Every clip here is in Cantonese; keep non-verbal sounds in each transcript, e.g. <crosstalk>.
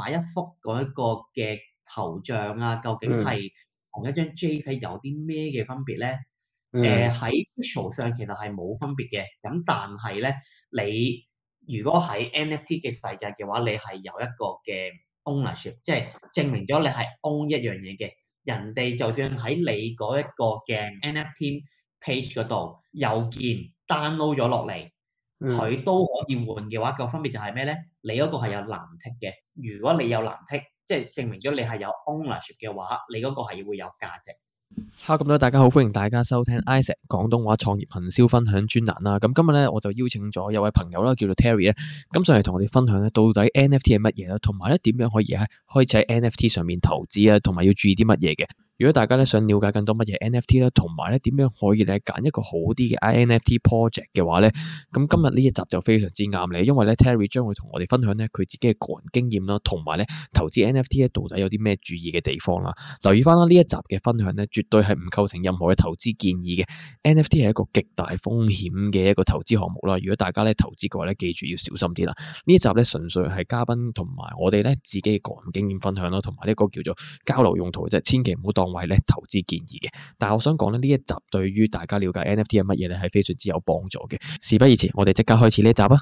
買一幅嗰一個嘅頭像啊，究竟係同一張 JPEG 有啲咩嘅分別咧？誒喺 pixel 上其實係冇分別嘅，咁但係咧，你如果喺 NFT 嘅世界嘅話，你係有一個嘅 ownership，即係證明咗你係 own 一樣嘢嘅。人哋就算喺你嗰一個嘅 NFT page 嗰度右鍵 download 咗落嚟，佢都可以換嘅話，個分別就係咩咧？你嗰個係有藍剔嘅。如果你有藍剔，即係證明咗你係有 ownership 嘅話，你嗰個係會有價值。Hello，咁多位，大家好，歡迎大家收聽 Isaac 廣東話創業行銷分享專欄啦。咁今日咧，我就邀請咗有位朋友啦，叫做 Terry 咧，咁上嚟同我哋分享咧，到底 NFT 係乜嘢啦，同埋咧點樣可以喺開始喺 NFT 上面投資啊，同埋要注意啲乜嘢嘅。如果大家咧想了解更多乜嘢 NFT 啦，同埋咧點樣可以咧揀一個好啲嘅 i NFT project 嘅話咧，咁今日呢一集就非常之啱你，因為咧 Terry 將會同我哋分享咧佢自己嘅個人經驗啦，同埋咧投資 NFT 咧到底有啲咩注意嘅地方啦。留意翻啦，呢一集嘅分享咧絕對係唔構成任何嘅投資建議嘅。NFT 係一個極大風險嘅一個投資項目啦，如果大家咧投資嘅話咧，記住要小心啲啦。呢一集咧純粹係嘉賓同埋我哋咧自己嘅個人經驗分享啦，同埋呢個叫做交流用途嘅啫，千祈唔好當。為咧投資建議嘅，但係我想講咧呢一集對於大家了解 NFT 係乜嘢咧，係非常之有幫助嘅。事不宜遲，我哋即刻開始呢一集啊！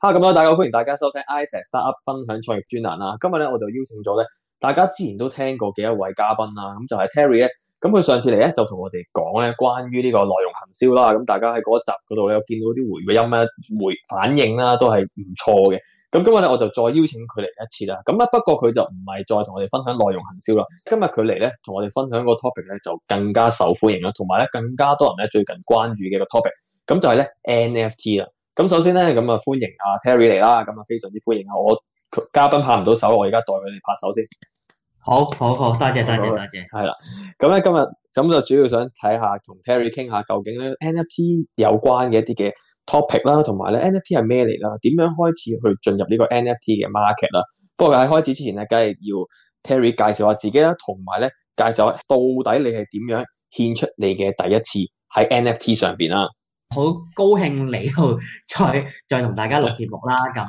咁啦， <music> Hello, 大家好，歡迎大家收聽 Isaac Startup 分享創業專欄啦。今日咧，我就邀請咗咧大家之前都聽過嘅一位嘉賓啦，咁就係 Terry 咧。咁佢上次嚟咧就同我哋講咧關於呢個內容行銷啦，咁大家喺嗰一集嗰度咧有見到啲回音咧回反應啦，都係唔錯嘅。咁今日咧我就再邀請佢嚟一次啦。咁啊不過佢就唔係再同我哋分享內容行銷啦。今日佢嚟咧同我哋分享個 topic 咧就更加受歡迎啦，同埋咧更加多人咧最近關注嘅個 topic，咁就係咧 NFT 啦。咁首先咧咁啊歡迎阿 Terry 嚟啦，咁啊非常之歡迎啊，我佢嘉賓拍唔到手，我而家代佢哋拍手先。好好好，多謝多謝多謝，係啦謝，咁咧今日咁就主要想睇下同 Terry 傾下究竟咧 NFT 有關嘅一啲嘅 topic 啦，啊，同埋咧 NFT 係咩嚟啦？點樣開始去進入呢個 NFT 嘅 market 啦，啊？不過喺開始之前咧，梗係要 Terry 介紹下自己啦，同埋咧介紹下到底你係點樣獻出你嘅第一次喺 NFT 上邊啦。好高興你去再再同大家錄節目啦，咁。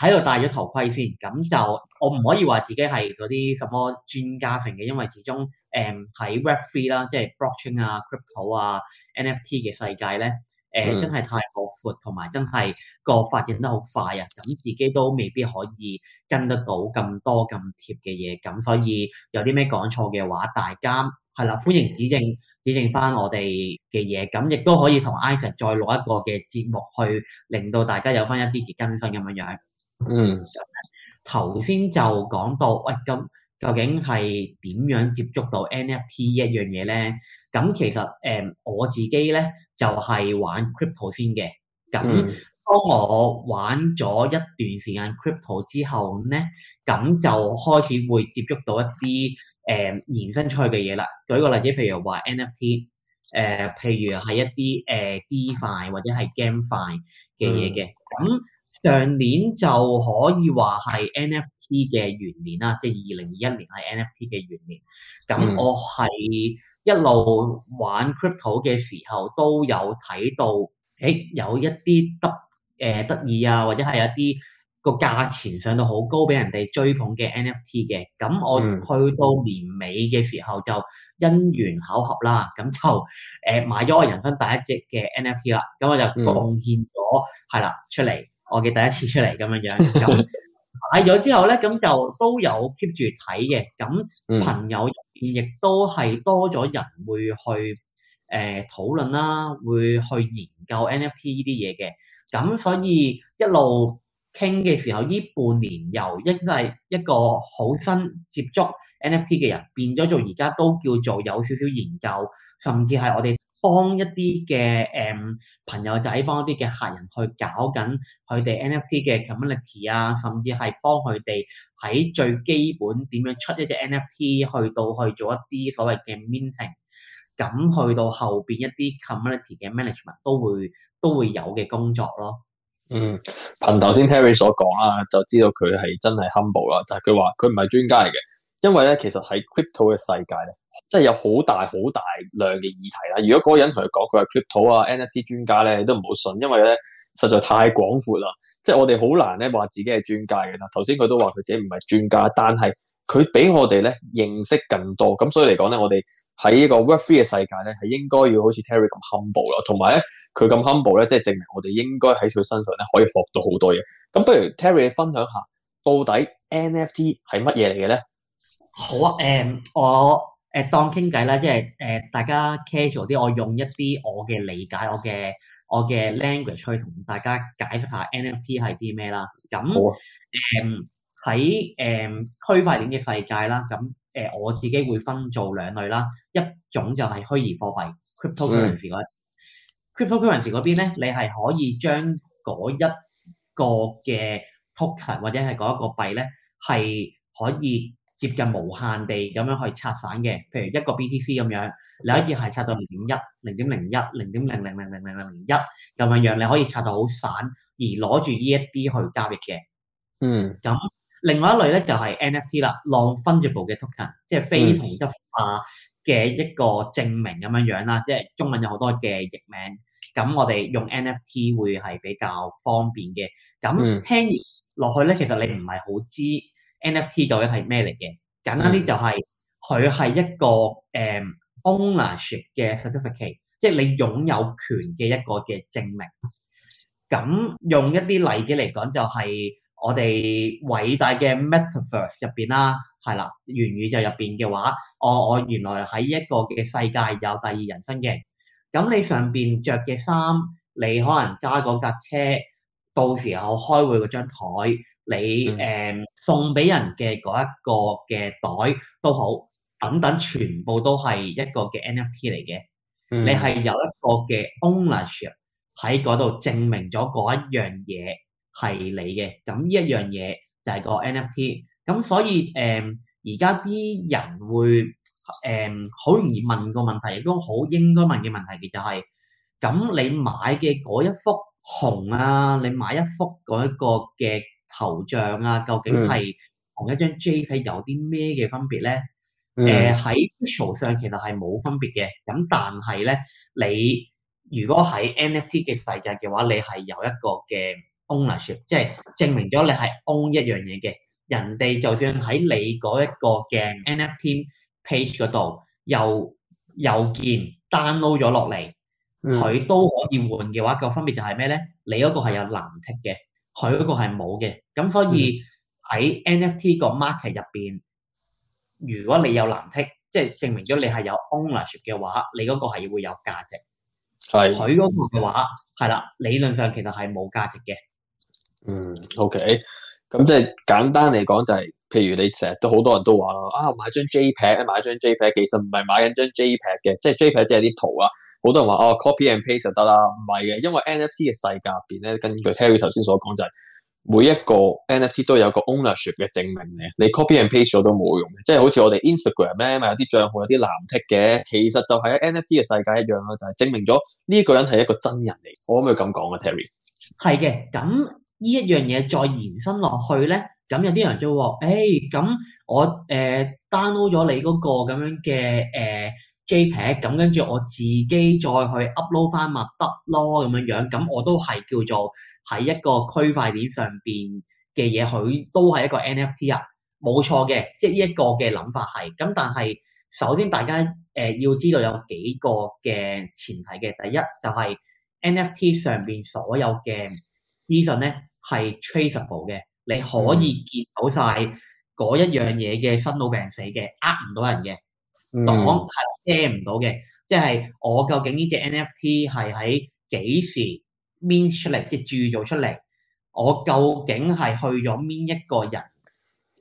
喺度戴咗頭盔先，咁就我唔可以話自己係嗰啲什麼專家性嘅，因為始終誒喺 Web three 啦，嗯、3, 即係 blockchain 啊、crypto 啊、NFT 嘅世界咧，誒、呃、的真係太廣闊，同埋真係個發展得好快啊！咁自己都未必可以跟得到咁多咁貼嘅嘢，咁所以有啲咩講錯嘅話，大家係啦，歡迎指正指正翻我哋嘅嘢，咁亦都可以同 Ivan 再錄一個嘅節目去，去令到大家有翻一啲嘅更新咁樣樣。嗯，頭先就講到，喂，咁究竟係點樣接觸到 NFT 一樣嘢咧？咁其實誒、呃、我自己咧就係、是、玩 crypto 先嘅。咁當我玩咗一段時間 crypto 之後咧，咁就開始會接觸到一啲誒、呃、延伸出去嘅嘢啦。舉一個例子，譬如話 NFT，誒、呃，譬如係一啲誒 DeFi 或者係 GameFi 嘅嘢嘅，咁、嗯。上年就可以話係 NFT 嘅元年啦，即係二零二一年係 NFT 嘅元年。咁我係一路玩 crypto 嘅時候，都有睇到，誒、欸、有一啲得誒、呃、得意啊，或者係一啲個價錢上到好高，俾人哋追捧嘅 NFT 嘅。咁我去到年尾嘅時候，就因緣巧合啦，咁就誒、呃、買咗我人生第一隻嘅 NFT 啦。咁我就貢獻咗係、嗯、啦出嚟。我嘅第一次出嚟咁樣樣， <laughs> 買咗之後咧，咁就都有 keep 住睇嘅。咁朋友入面亦都係多咗人會去誒討論啦，會去研究 NFT 呢啲嘢嘅。咁所以一路。傾嘅時候，呢半年由一係一個好新接觸 NFT 嘅人，變咗做而家都叫做有少少研究，甚至係我哋幫一啲嘅誒朋友仔，幫一啲嘅客人去搞緊佢哋 NFT 嘅 community 啊，甚至係幫佢哋喺最基本點樣出一隻 NFT，去到去做一啲所謂嘅 minting，咁去到後邊一啲 community 嘅 management 都會都會有嘅工作咯。嗯，憑頭先 Terry 所講啦，就知道佢係真係 humble 啦。就係佢話佢唔係專家嚟嘅，因為咧，其實喺 crypto 嘅世界咧，即係有好大好大量嘅議題啦。如果嗰個人同佢講佢係 crypto 啊 NFT 專家咧，你都唔好信，因為咧實在太廣闊啦。即係我哋好難咧話自己係專家嘅啦。頭先佢都話佢自己唔係專家，但係。佢俾我哋咧認識更多，咁所以嚟講咧，我哋喺呢個 Web Three 嘅世界咧，係應該要好似 Terry 咁 humble 咯，同埋咧佢咁 humble 咧，即係證明我哋應該喺佢身上咧可以學到好多嘢。咁不如 Terry 分享下，到底 NFT 係乜嘢嚟嘅咧？好、啊，誒、嗯、我誒、嗯、當傾偈啦，即係誒、呃、大家 casual 啲，我用一啲我嘅理解，我嘅我嘅 language 去同大家解釋一下 NFT 係啲咩啦。咁誒。好啊嗯喺誒、呃、區塊鏈嘅世界啦，咁誒、呃、我自己會分做兩類啦。一種就係虛擬貨幣 （crypto currency） 嗰、嗯、邊咧，你係可以將嗰一個嘅 token 或者係嗰一個幣咧，係可以接近無限地咁樣去拆散嘅。譬如一個 BTC 咁樣，你可以係拆到零點一、零點零一、零點零零零零零零零一咁樣樣，你可以拆到好散而攞住呢一啲去交易嘅。嗯，咁。另外一類咧就係、是、NFT 啦，Non-Fungible 嘅 token，即係非同質化嘅一個證明咁樣樣啦。嗯、即係中文有好多嘅譯名，咁我哋用 NFT 會係比較方便嘅。咁聽落去咧，其實你唔係好知 NFT 究竟係咩嚟嘅？簡單啲就係佢係一個誒、um, ownership 嘅 certificate，即係你擁有權嘅一個嘅證明。咁用一啲例子嚟講、就是，就係我哋偉大嘅 Metaverse 入邊啦，係啦，元宇宙入邊嘅話，我、哦、我原來喺一個嘅世界有第二人生嘅，咁你上邊着嘅衫，你可能揸嗰架車，到時候開會嗰張台，你誒、嗯、送俾人嘅嗰一個嘅袋都好，等等，全部都係一個嘅 NFT 嚟嘅，嗯、你係有一個嘅 ownership 喺嗰度證明咗嗰一樣嘢。係你嘅，咁呢一樣嘢就係個 NFT。咁所以誒，而家啲人會誒好、呃、容易問個問題，亦都好應該問嘅問題，就係，其實係：咁你買嘅嗰一幅熊啊，你買一幅嗰一個嘅頭像啊，究竟係同一張 JPEG 有啲咩嘅分別咧？誒喺 Pixel 上其實係冇分別嘅。咁但係咧，你如果喺 NFT 嘅世界嘅話，你係有一個嘅。ownership 即係證明咗你係 own 一樣嘢嘅人哋，就算喺你嗰一個嘅 NFT page 嗰度又又見 download 咗落嚟，佢都可以換嘅話，個分別就係咩咧？你嗰個係有藍剔嘅，佢嗰個係冇嘅，咁所以喺 NFT 個 market 入邊，如果你有藍剔，即係證明咗你係有 ownership 嘅話，你嗰個係會有價值。係佢嗰個嘅話，係啦，理論上其實係冇價值嘅。嗯，OK，咁即係簡單嚟講就係，譬如你成日都好多人都話咯，啊買張 J 片，買張 J 片，其實唔係買緊張 J 片嘅，即係 J 片即係啲圖啊。好多人話哦，copy and paste 就得啦，唔係嘅，因為 NFT 嘅世界入邊咧，根據 Terry 頭先所講就係，每一個 NFT 都有個 ownership 嘅證明嘅，你 copy and paste 咗都冇用嘅，即係好似我哋 Instagram 咧，咪有啲賬號有啲藍剔嘅，其實就係 NFT 嘅世界一樣咯，就係證明咗呢個人係一個真人嚟。我可唔可以咁講啊，Terry？係嘅，咁。呢一樣嘢再延伸落去咧，咁有啲人就會話，誒、欸，咁我誒 download 咗你嗰個咁樣嘅誒、呃、JPEG，咁跟住我自己再去 upload 翻咪得咯，咁樣樣，咁我都係叫做喺一個區塊鏈上邊嘅嘢，佢都係一個 NFT 啊，冇錯嘅，即係呢一個嘅諗法係。咁但係首先大家誒、呃、要知道有幾個嘅前提嘅，第一就係 NFT 上邊所有嘅資訊咧係 traceable 嘅，你可以見到晒嗰一樣嘢嘅生老病死嘅，呃唔到人嘅，擋係遮唔到嘅。即係我究竟呢隻 NFT 係喺幾時 mint 出嚟，即係鑄造出嚟？我究竟係去咗邊一個人？誒、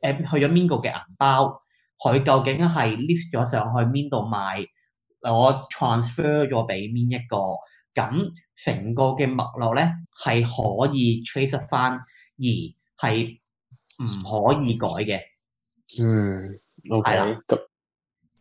呃，去咗邊個嘅銀包？佢究竟係 list 咗上去邊度賣？我 transfer 咗俾邊一個？咁成個嘅脈絡咧係可以 trace 翻，而係唔可以改嘅。嗯，OK 咁了、這個、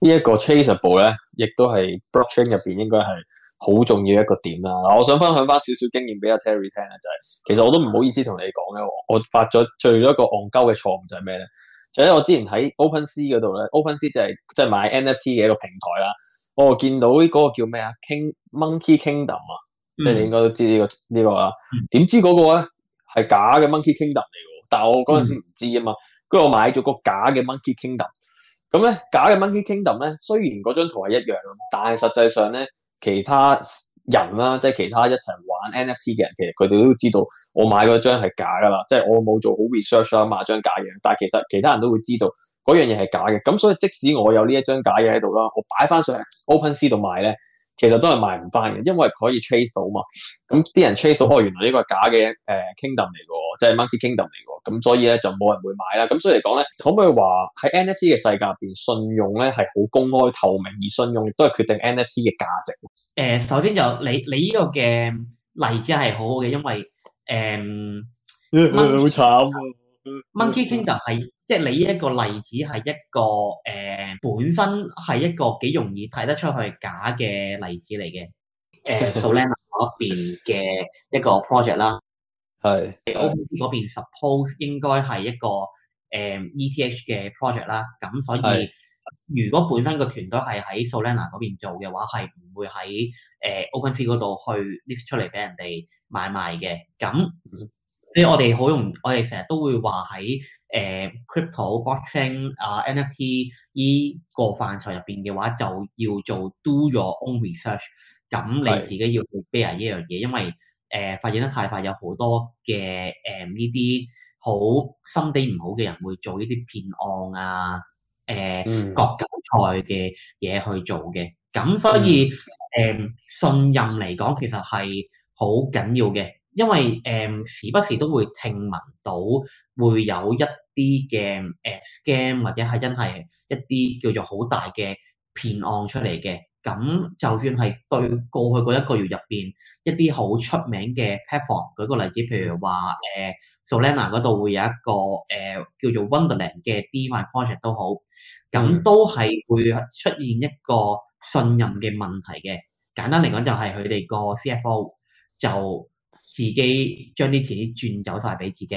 呢一個 traceable 咧，亦都係 blockchain 入邊應該係好重要一個點啦。嗱，我想分享翻少少經驗俾阿 Terry 聽啊，就係、是、其實我都唔好意思同你講咧，我發咗最一個戇鳩嘅錯誤就係咩咧？就喺、是、我之前喺 OpenSea 嗰度咧，OpenSea 就係即係買 NFT 嘅一個平台啦。我、哦、見到嗰個叫咩啊？King Monkey Kingdom 啊，嗯、即係你應該都知呢、呢個呢、呢個啦。點、嗯、知嗰個咧係假嘅 Monkey Kingdom 嚟嘅，但係我嗰陣時唔知啊嘛。跟住、嗯、我買咗個假嘅 Monkey Kingdom。咁咧假嘅 Monkey Kingdom 咧，雖然嗰張圖係一樣，但係實際上咧其他人啦、啊，即係其他一齊玩 NFT 嘅人，其實佢哋都知道我買嗰張係假噶啦。即係我冇做好 research 啊嘛，張假嘢。但係其實其他人都會知道。嗰樣嘢係假嘅，咁所以即使我有呢一張假嘢喺度啦，我擺翻上 OpenSea 度賣咧，其實都係賣唔翻嘅，因為可以 chase 到嘛。咁啲人 chase 到，哦，原來呢個係假嘅誒、呃、Kingdom 嚟嘅喎，即係 Monkey Kingdom 嚟嘅，咁所以咧就冇、是、人會買啦。咁所以嚟講咧，可唔可以話喺 NFT 嘅世界入邊，信用咧係好公開透明，而信用亦都係決定 NFT 嘅價值？誒、呃，首先就你你呢個嘅例子係好好嘅，因為誒，好慘、啊、Monkey Kingdom 係。即係你依一個例子係一個誒、呃、本身係一個幾容易睇得出去假嘅例子嚟嘅，誒、呃、 <laughs> Solana 嗰邊嘅一個 project 啦，係，OpenSea 嗰邊 suppose 應該係一個誒 ETH 嘅 project 啦，咁、嗯 e、所以如果本身個團隊係喺 <laughs> Solana 嗰邊做嘅話，係唔會喺誒、呃、OpenSea 嗰度去 list 出嚟俾人哋買賣嘅，咁。 <laughs> 即係我哋好容易，我哋成日都會話喺誒 cryptocurrency 啊 NFT 依個範疇入邊嘅話，就要做 do your own research。咁你自己要去 bear 一樣嘢，因為誒、呃、發展得太快有，有、呃、好多嘅誒呢啲好心地唔好嘅人會做呢啲騙案啊、誒割韭菜嘅嘢去做嘅。咁所以誒、嗯嗯、信任嚟講，其實係好緊要嘅。因為誒時不時都會聽聞到會有一啲嘅 scam 或者係真係一啲叫做好大嘅騙案出嚟嘅。咁就算係對過去嗰一個月入邊一啲好出名嘅 platform，舉個例子，譬如話誒 Solana 嗰度會有一個誒叫做 Wonderland 嘅 DeFi project 好都好，咁都係會出現一個信任嘅問題嘅。簡單嚟講，就係佢哋個 CFO 就。自己將啲錢轉走晒俾自己。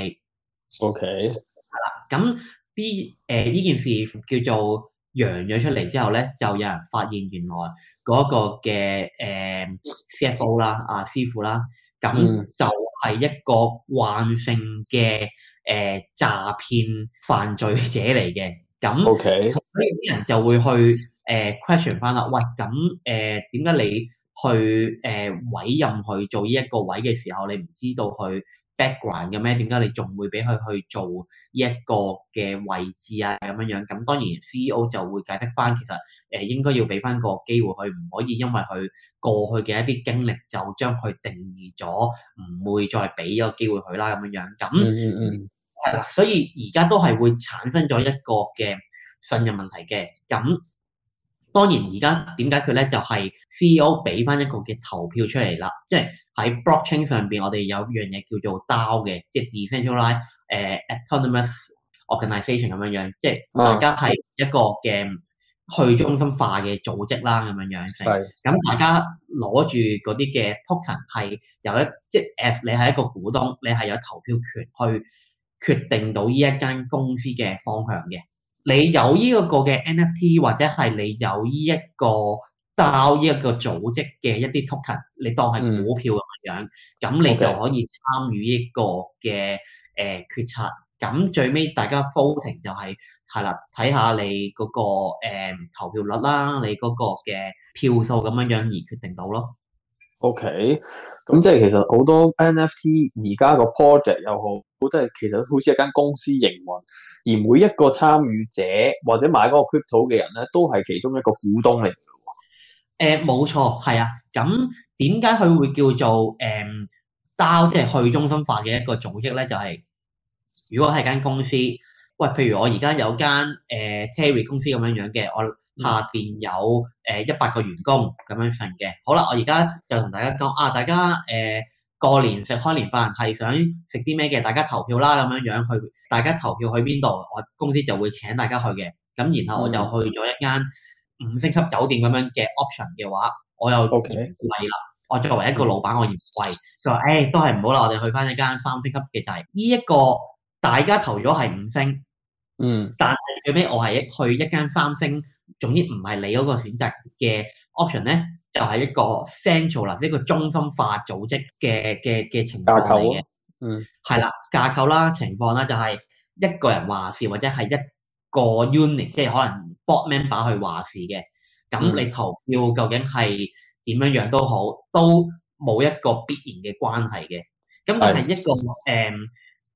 O K。係啦，咁啲誒呢件事叫做揚咗出嚟之後咧，就有人發現原來嗰個嘅誒、呃、C F O 啦，啊師傅啦，咁就係一個慣性嘅誒、呃、詐騙犯罪者嚟嘅。O K。所以啲人就會去誒、呃、question 翻、啊、啦，喂、呃，咁誒點解你去誒委任佢做呢一個位嘅時候，你唔知道佢 background 嘅咩？點解你仲會俾佢去做呢一個嘅位置啊？咁樣樣咁，當然 CEO 就會解釋翻，其實誒應該要俾翻個機會佢，唔可以因為佢過去嘅一啲經歷就將佢定義咗，唔會再俾依個機會佢啦。咁樣樣咁，係啦、嗯嗯，所以而家都係會產生咗一個嘅信任問題嘅咁。當然，而家點解決咧？就係、是、CEO 俾翻一個嘅投票出嚟啦。即、就、係、是、喺 Blockchain 上邊，我哋有樣嘢叫做 DAO 嘅，即係 decentralized 誒 autonomous organization 咁樣樣。即、就、係、是、大家係一個嘅去中心化嘅組織啦，咁樣樣。係、嗯。咁是大家攞住嗰啲嘅 token 係由一即係、就是、你係一個股東，你係有投票權去決定到呢一間公司嘅方向嘅。你有呢一個嘅 NFT，或者係你有呢、這、一個 DAO 呢一個組織嘅一啲 token，你當係股票咁樣，咁、嗯、你就可以參與呢個嘅誒、呃、決策。咁 Okay. 最尾大家 voting 就係、是、係啦，睇下你嗰、那個、呃、投票率啦，你嗰個嘅票數咁樣樣而決定到咯。O K，咁即係其，其實好多 N F T 而家個 project 又好，即係其實好似一間公司營運，而每一個參與者或者買嗰個 crypto 嘅人咧，都係其中一個股東嚟嘅。誒、呃，冇錯，係啊。咁點解佢會叫做誒、嗯、DAO 即係去中心化嘅一個組織咧？就係、是、如果係間公司，喂，譬如我而家有間誒、呃、Terry 公司咁樣樣嘅，我。嗯、下邊有誒一百個員工咁樣份嘅。好啦，我而家就同大家講啊，大家誒、呃、過年食開年飯係想食啲咩嘅？大家投票啦，咁樣樣去，大家投票去邊度？我公司就會請大家去嘅。咁然後我就去咗一間五星級酒店咁樣嘅 option 嘅話，我又嫌貴啦。Okay. 我作為一個老闆，嗯、我嫌貴，就話誒、欸、都係唔好啦。我哋去翻一間三星級嘅就係呢一個大家投咗係五星，嗯，但係最尾我係去一間三星。總之唔係你嗰個選擇嘅 option 咧，就係、是、一個 central 啦，一個中心化組織嘅嘅嘅情況嚟嘅。嗯，係啦，架構啦，情況啦，就係一個人話事或者係一個 unit，即係可能 board member 去話事嘅。咁你投票究竟係點樣樣都好，都冇一個必然嘅關係嘅。咁但係一個誒，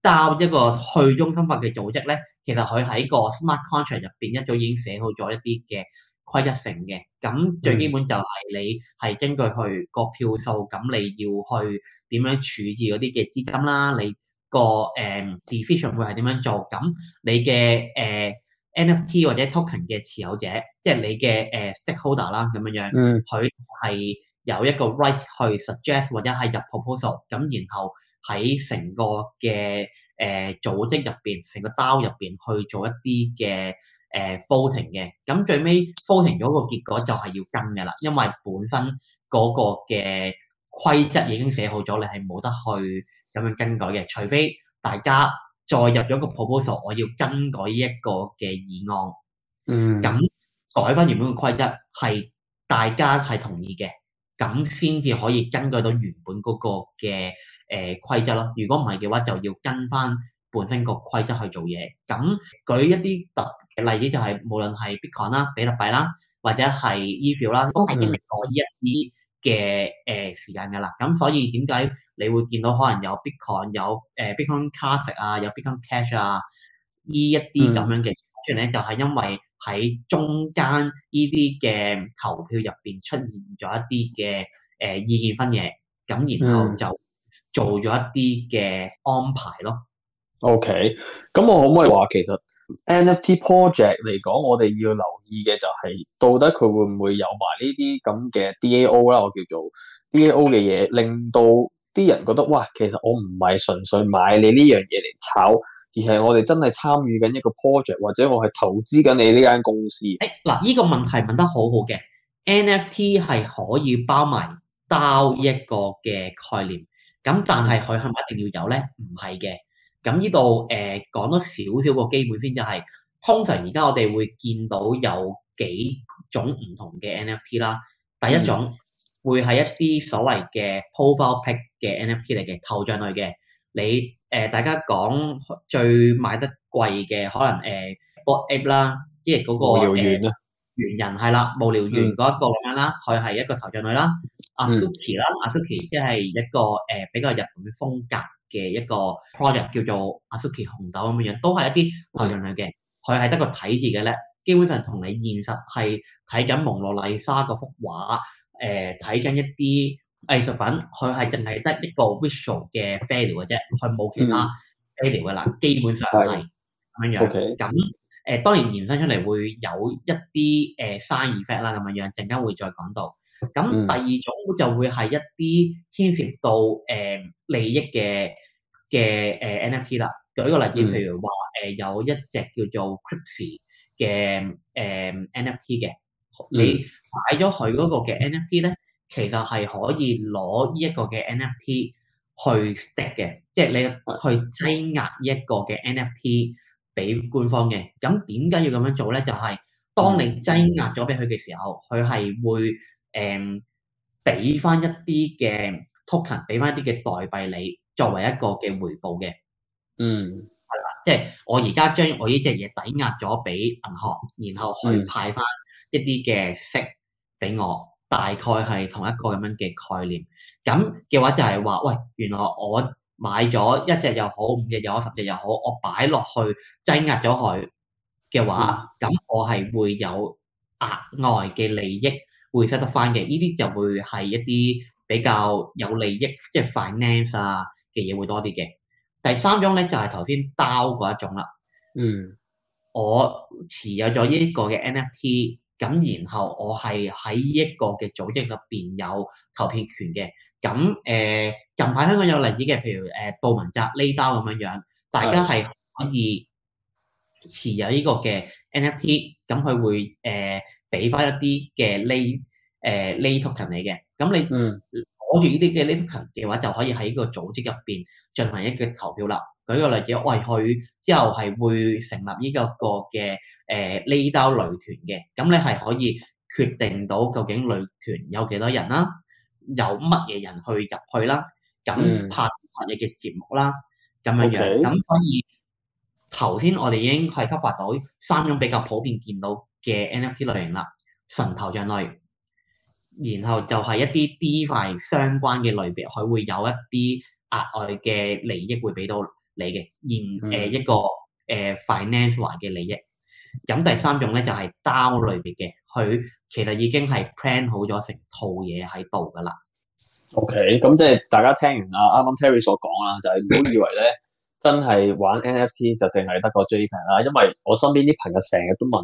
得的、嗯、一個去中心化嘅組織咧。其實佢喺個 smart contract 入邊一早已經寫好咗一啲嘅規則性嘅，咁最基本就係你係根據佢個票數，咁你要去點樣處置嗰啲嘅資金啦，你個誒、um, decision 會係點樣做，咁你嘅誒、uh, NFT 或者 token 嘅持有者，即、就、係、是、你嘅誒 stakeholder 啦，咁、uh, 樣樣，佢係、mm. 有一個 right 去 suggest 或者係入 proposal，咁然後喺成個嘅。誒、呃、組織入邊，成個包入邊去做一啲嘅誒 voting 嘅，咁、呃、最尾 voting 咗個結果就係要跟嘅啦，因為本身嗰個嘅規則已經寫好咗，你係冇得去咁樣更改嘅，除非大家再入咗個 proposal，我要更改呢一個嘅議案，嗯，咁改返原本嘅規則係大家係同意嘅，咁先至可以根據到原本嗰個嘅。誒、呃、規則咯，如果唔係嘅話，就要跟翻本身個規則去做嘢。咁舉一啲特例子就係、是，無論係 Bitcoin 啦、比特幣啦，或者係 e 票啦，都係經歷過呢一啲嘅誒時間噶啦。咁、嗯、所以點解你會見到可能有 Bitcoin 有誒 Bitcoin Classic 啊，有 Bitcoin Cash 啊，呢一啲咁樣嘅，出住咧就係因為喺中間呢啲嘅投票入邊出現咗一啲嘅誒意見分野，咁然後就、嗯。做咗一啲嘅安排咯。O K，咁我可唔可以話，其實 N F T project 嚟講，我哋要留意嘅就係到底佢會唔會有埋呢啲咁嘅 D A O 啦，我叫做 D A O 嘅嘢，令到啲人覺得哇，其實我唔係純粹買你呢樣嘢嚟炒，而係我哋真係參與緊一個 project，或者我係投資緊你呢間公司。誒、哎，嗱，呢、這個問題問得好好嘅 N F T 係可以包埋 D A O 一個嘅概念。咁但係佢係咪一定要有咧？唔係嘅。咁呢度誒講多少少個基本先就係，通常而家我哋會見到有幾種唔同嘅 NFT 啦。第一種會係一啲所謂嘅 profile pic 嘅 NFT 嚟嘅，頭像類嘅。你誒大家講最買得貴嘅可能誒 bot app 啦，即係嗰個誒。猿人係啦，無聊猿嗰一個咁樣啦，佢係、嗯、一個頭像女啦，阿 Suki 啦，阿 Suki 即係一個誒、呃、比較日本風格嘅一個 project，叫做阿 Suki 紅豆咁樣樣，都係一啲頭像女嘅，佢係得個睇字嘅咧，基本上同你現實係睇緊蒙羅麗莎嗰幅畫，誒睇緊一啲藝術品，佢係淨係得一個 visual 嘅 value 嘅啫，佢冇其他 value 嘅啦，嗯、基本上係咁樣樣，咁。誒當然延伸出嚟會有一啲誒 side effect 啦咁樣樣，陣間會再講到。咁第二種就會係一啲牽涉到誒、呃、利益嘅嘅誒 NFT 啦。舉一個例子，譬如話誒、呃、有一隻叫做 Crypto 嘅誒 NFT 嘅，你買咗佢嗰個嘅 NFT 咧，其實係可以攞呢一個嘅 NFT 去 stake 嘅，即係你去擠壓呢一個嘅 NFT。俾官方嘅，咁點解要咁樣做咧？就係當你擠壓咗俾佢嘅時候，佢係會誒俾翻一啲嘅 token，俾翻一啲嘅代幣你作為一個嘅回報嘅。嗯，係啦，即係我而家將我呢隻嘢抵押咗俾銀行，然後去派翻一啲嘅息俾我，嗯、大概係同一個咁樣嘅概念。咁嘅話就係話，喂，原來我。買咗一隻又好，五隻又好，十隻又好，我擺落去擠壓咗佢嘅話，咁、嗯、我係會有額外嘅利益會收得翻嘅。呢啲就會係一啲比較有利益，即係 finance 啊嘅嘢會多啲嘅。第三種咧就係頭先 DAO 嗰一種啦。嗯，我持有咗呢個嘅 NFT，咁然後我係喺呢個嘅組織入邊有投票權嘅。咁誒、呃，近排香港有例子嘅，譬如誒、呃、杜文澤呢 e 咁樣樣，的大家係可以持有呢個嘅 NFT，咁佢會誒俾翻一啲嘅呢 a y 誒 l t o k 你嘅，咁你攞住呢啲嘅呢 a y t o k 嘅話，嗯、就可以喺呢個組織入邊進行一嘅投票啦。舉個例子，我係去之後係會成立呢一個嘅誒 l e a 團嘅，咁你係可以決定到究竟女團有幾多人啦、啊。有乜嘢人去入去啦？咁拍乜嘢嘅節目啦？咁樣樣咁，Okay. 所以頭先我哋已經係吸發到三種比較普遍見到嘅 NFT 類型啦，純頭像類，然後就係一啲 DeFi 相關嘅類別，佢會有一啲額外嘅利益會俾到你嘅，然誒一個誒 finance 類嘅、like、利益。咁第三種咧就係、是、DAO 類別嘅佢。其實已經係 plan 好咗成套嘢喺度噶啦。OK，咁即係大家聽完啊，啱啱 Terry 所講啦，就係唔好以為咧真係玩 NFT 就淨係得個 JPEG 啦。因為我身邊啲朋友成日都問，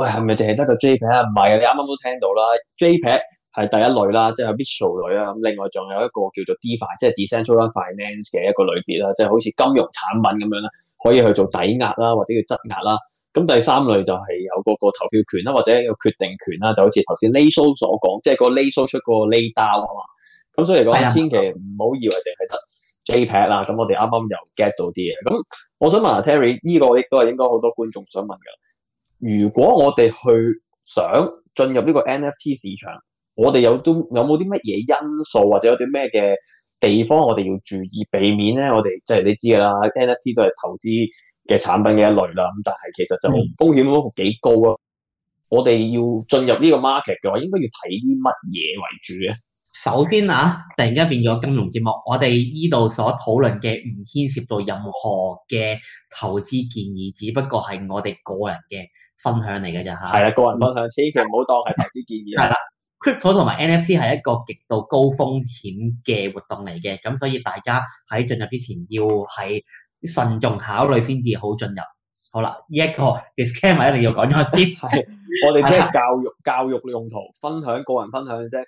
喂係咪淨係得個 JPEG 啊？唔係啊，你啱啱都聽到啦。JPEG 係第一類啦，即係 visual 類啦。咁另外仲有一個叫做 DeFi，即係 decentralized finance 嘅一個類別啦，即係好似金融產品咁樣咧，可以去做抵押啦，或者叫質押啦。咁第三類就係有個，個投票權啦，或者有決定權啦，就好似頭先 Lay So 所講，即係個 Lay So 出嗰個 Lay Down 啊嘛。咁所以嚟講，的千祈唔好以為淨係得 J Pat 啦。咁我哋啱啱又 get 到啲嘢。咁我想問下 Terry 呢個亦都係應該好多觀眾想問嘅。如果我哋去想進入呢個 NFT 市場，我哋有都有冇啲乜嘢因素，或者有啲咩嘅地方我哋要注意避免咧？我哋即係你知噶啦，NFT 都係投資。嘅產品嘅一類啦，咁但係其實就風、嗯、險都幾高啊！我哋要進入呢個 market 嘅話，應該要睇啲乜嘢為主咧？首先啊，突然間變咗金融節目，我哋依度所討論嘅唔牽涉到任何嘅投資建議，只不過係我哋個人嘅分享嚟嘅啫嚇。係啦，個人分享，千祈唔好當係投資建議。係啦，crypto 同埋 NFT 係一個極度高風險嘅活動嚟嘅，咁所以大家喺進入之前要喺。慎重考慮先至好進入。好啦，呢一個，Biscam 咪一定要講咗先 <laughs> 是 <laughs> 我哋即係教育， <laughs> 教育嘅用途，分享個人分享嘅啫。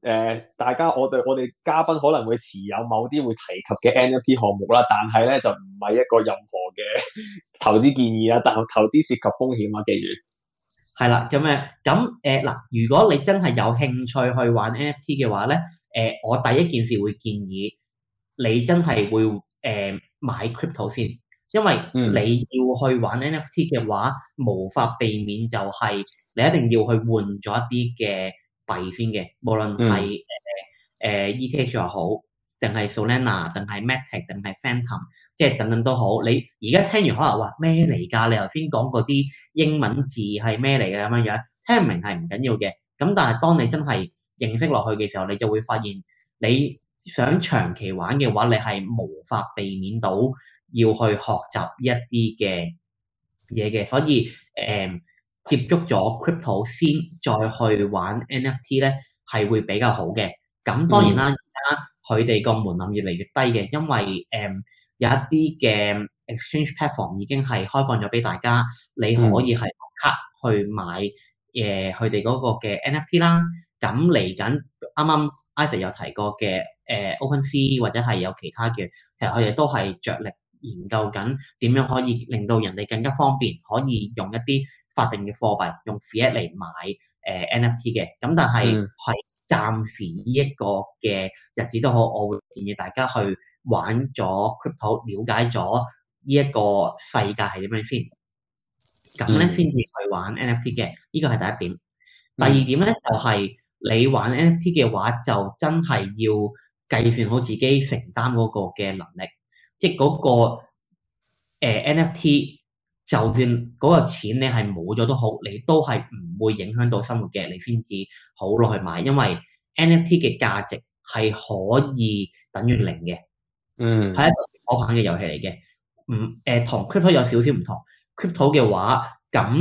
誒、呃，大家我對我哋嘉賓可能會持有某啲會提及嘅 NFT 項目啦，但係咧就唔係一個任何嘅投資建議啊！但係投資涉及風險啊，記住。係啦，咁樣咁誒嗱，如果你真係有興趣去玩 NFT 嘅話咧，誒、呃，我第一件事會建議你真係會誒。呃買 crypto 先，因為你要去玩 NFT 嘅話，嗯、無法避免就係你一定要去換咗一啲嘅幣先嘅，無論係誒 ETH 又好，定係 Solana，定係 Matic，定係 Fantom，即係等等都好。你而家聽完可能話咩嚟㗎？你頭先講嗰啲英文字係咩嚟嘅咁樣樣，聽唔明係唔緊要嘅。咁但係當你真係認識落去嘅時候，你就會發現你。想長期玩嘅話，你係無法避免到要去學習一啲嘅嘢嘅，所以誒、嗯、接觸咗 crypto 先，再去玩 NFT 咧，係會比較好嘅。咁當然啦，而家佢哋個門檻越嚟越低嘅，因為誒、嗯、有一啲嘅 exchange platform 已經係開放咗俾大家，你可以係用卡去買誒佢哋嗰個嘅 NFT 啦。咁嚟緊啱啱 Ivy 有提過嘅。誒 OpenSea 或者係有其他嘅，其實佢哋都係着力研究緊點樣可以令到人哋更加方便，可以用一啲法定嘅貨幣用 fiat 嚟買誒 NFT 嘅。咁但係係、嗯、暫時呢一個嘅日子都好，我會建議大家去玩咗 Crypto，了解咗呢一個世界係點樣先。咁咧先至去玩 NFT 嘅，呢個係第一點。第二點咧就係、是、你玩 NFT 嘅話，就真係要。計算好自己承擔嗰個嘅能力，即係嗰個誒 NFT，就算嗰個錢你係冇咗都好，你都係唔會影響到生活嘅，你先至好落去買。因為 NFT 嘅價值係可以等於零嘅，嗯，嗯，係，呃，一個可玩嘅遊戲嚟嘅。嗯，誒同 Crypto 有少少唔同，Crypto 嘅話，咁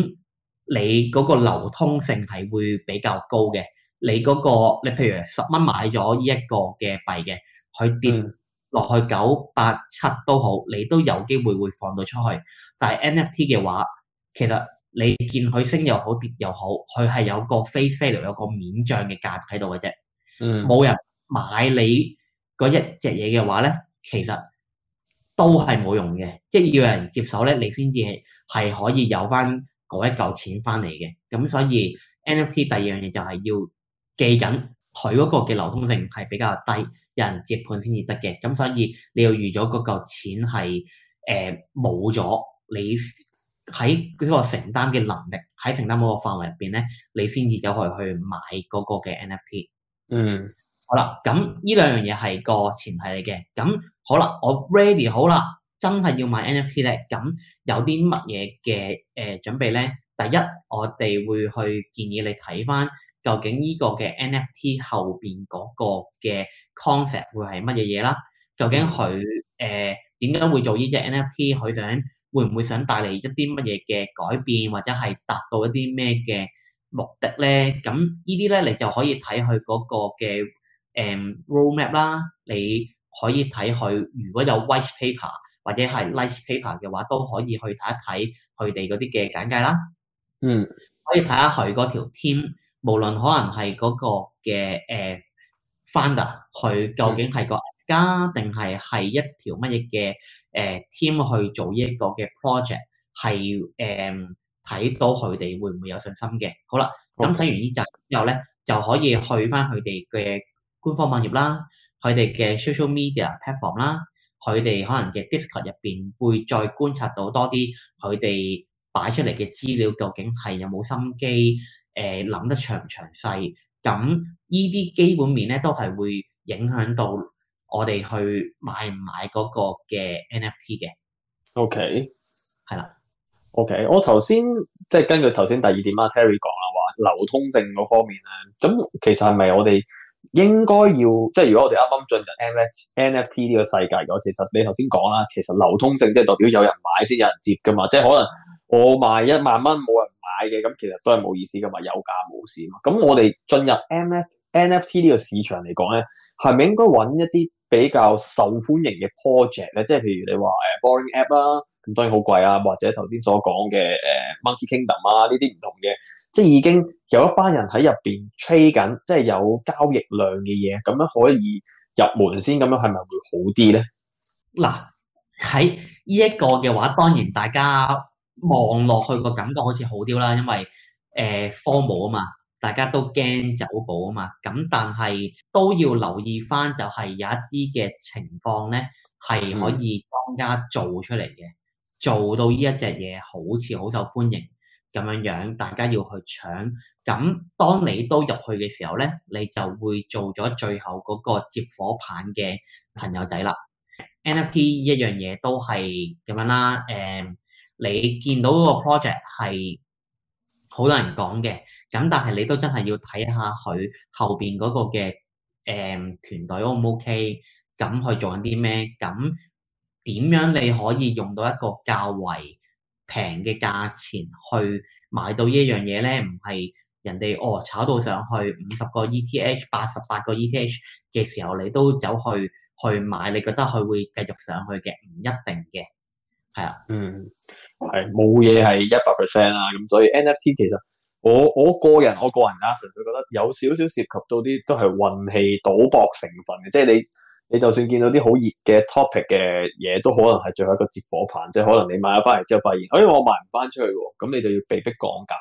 你嗰個流通性係會比較高嘅。你嗰個，你譬如十蚊買咗呢一個嘅幣嘅，佢跌落去九八七都好，你都有機會會放到出去。但係 NFT 嘅話，其實你見佢升又好跌又好，佢係有個 face value，有個面值嘅價值喺度嘅啫。嗯。冇人買你嗰一隻嘢嘅話咧，其實都係冇用嘅，即係要有人接手咧，你先至係可以有翻嗰一嚿錢翻嚟嘅。咁所以 NFT 第二樣嘢就係要。記緊佢嗰個嘅流通性係比較低，有人接盤先至得嘅。咁所以你要預咗嗰嚿錢係冇咗你喺嗰個承擔嘅能力，喺承擔嗰個範圍入邊咧，你先至走去去買嗰個嘅 NFT。嗯，好啦，咁呢兩樣嘢係個前提嚟嘅。咁好啦，我 ready 好啦，真係要買 NFT 咧，咁有啲乜嘢嘅誒準備咧？第一，我哋會去建議你睇返。究竟呢個嘅 NFT 後邊嗰個嘅 concept 會係乜嘢嘢啦？究竟佢誒點解會做呢隻 NFT？佢想會唔會想帶嚟一啲乜嘢嘅改變，或者係達到一啲咩嘅目的咧？咁呢啲咧，你就可以睇佢嗰個嘅誒、嗯、roadmap 啦。你可以睇佢如果有 whitepaper 或者係 lightpaper 嘅話，都可以去睇一睇佢哋嗰啲嘅簡介啦。嗯，可以睇下佢嗰條 team。無論可能係嗰個嘅誒、uh, founder 佢究竟係個家定係係一條乜嘢嘅誒 team 去做呢一個嘅 project，係誒睇、um, 到佢哋會唔會有信心嘅？好啦，咁睇完呢集之後咧，Okay. 就可以去翻佢哋嘅官方網頁啦，佢哋嘅 social media platform 啦，佢哋可能嘅 Discord 入邊會再觀察到多啲佢哋擺出嚟嘅資料，究竟係有冇心機？誒諗得詳唔詳細，咁呢啲基本面咧都係會影響到我哋去買唔買嗰個嘅 NFT 嘅。OK，係啦的。OK，我頭先即係根據頭先第二點阿，Terry 講啦，話流通性嗰方面咧，咁其實係咪我哋應該要即係如果我哋啱啱進入 NFT NFT 呢個世界嘅話，其實你頭先講啦，其實流通性即係代表有人買先有人接噶嘛，即係可能。我賣一萬蚊冇人買嘅，咁其實都係冇意思噶嘛，有價冇市嘛。咁我哋進入 NFT 呢個市場嚟講咧，係咪應該揾一啲比較受歡迎嘅 project 咧？即係譬如你話誒 Boring App 啊，咁當然好貴啊，或者頭先所講嘅誒 Monkey Kingdom 啊呢啲唔同嘅，即係已經有一班人喺入邊 trade 緊，即係有交易量嘅嘢，咁樣可以入門先，咁樣係咪會好啲咧？嗱，喺呢一個嘅話，當然大家。望落去個感覺好似好啲啦，因為誒、呃、科舞啊嘛，大家都驚走寶啊嘛。咁但係都要留意返，就係有一啲嘅情況咧，係可以當家做出嚟嘅，做到呢一隻嘢好似好受歡迎咁樣樣，大家要去搶。咁當你都入去嘅時候咧，你就會做咗最後嗰個接火棒嘅朋友仔啦。NFT 一樣嘢都係咁樣啦，誒、呃。你見到嗰個 project 係好多人講嘅，咁但係你都真係要睇下佢後邊嗰個嘅誒、嗯、團隊 O 唔 O K，咁去做緊啲咩？咁點樣你可以用到一個較為平嘅價錢去買到呢一樣嘢咧？唔係人哋哦炒到上去五十個 ETH、八十八個 ETH 嘅時候，你都走去去買，你覺得佢會繼續上去嘅？唔一定嘅。係、嗯、啊，嗯，係冇嘢係一百 percent 啦，咁所以 NFT 其實我我個人我個人啦、啊，純粹覺得有少少涉及到啲都係運氣賭博成分嘅，即係你你就算見到啲好熱嘅 topic 嘅嘢，都可能係最後一個接火盤，嗯、即係可能你買咗翻嚟之後發現，哎，我賣唔翻出去喎，咁你就要被迫降價，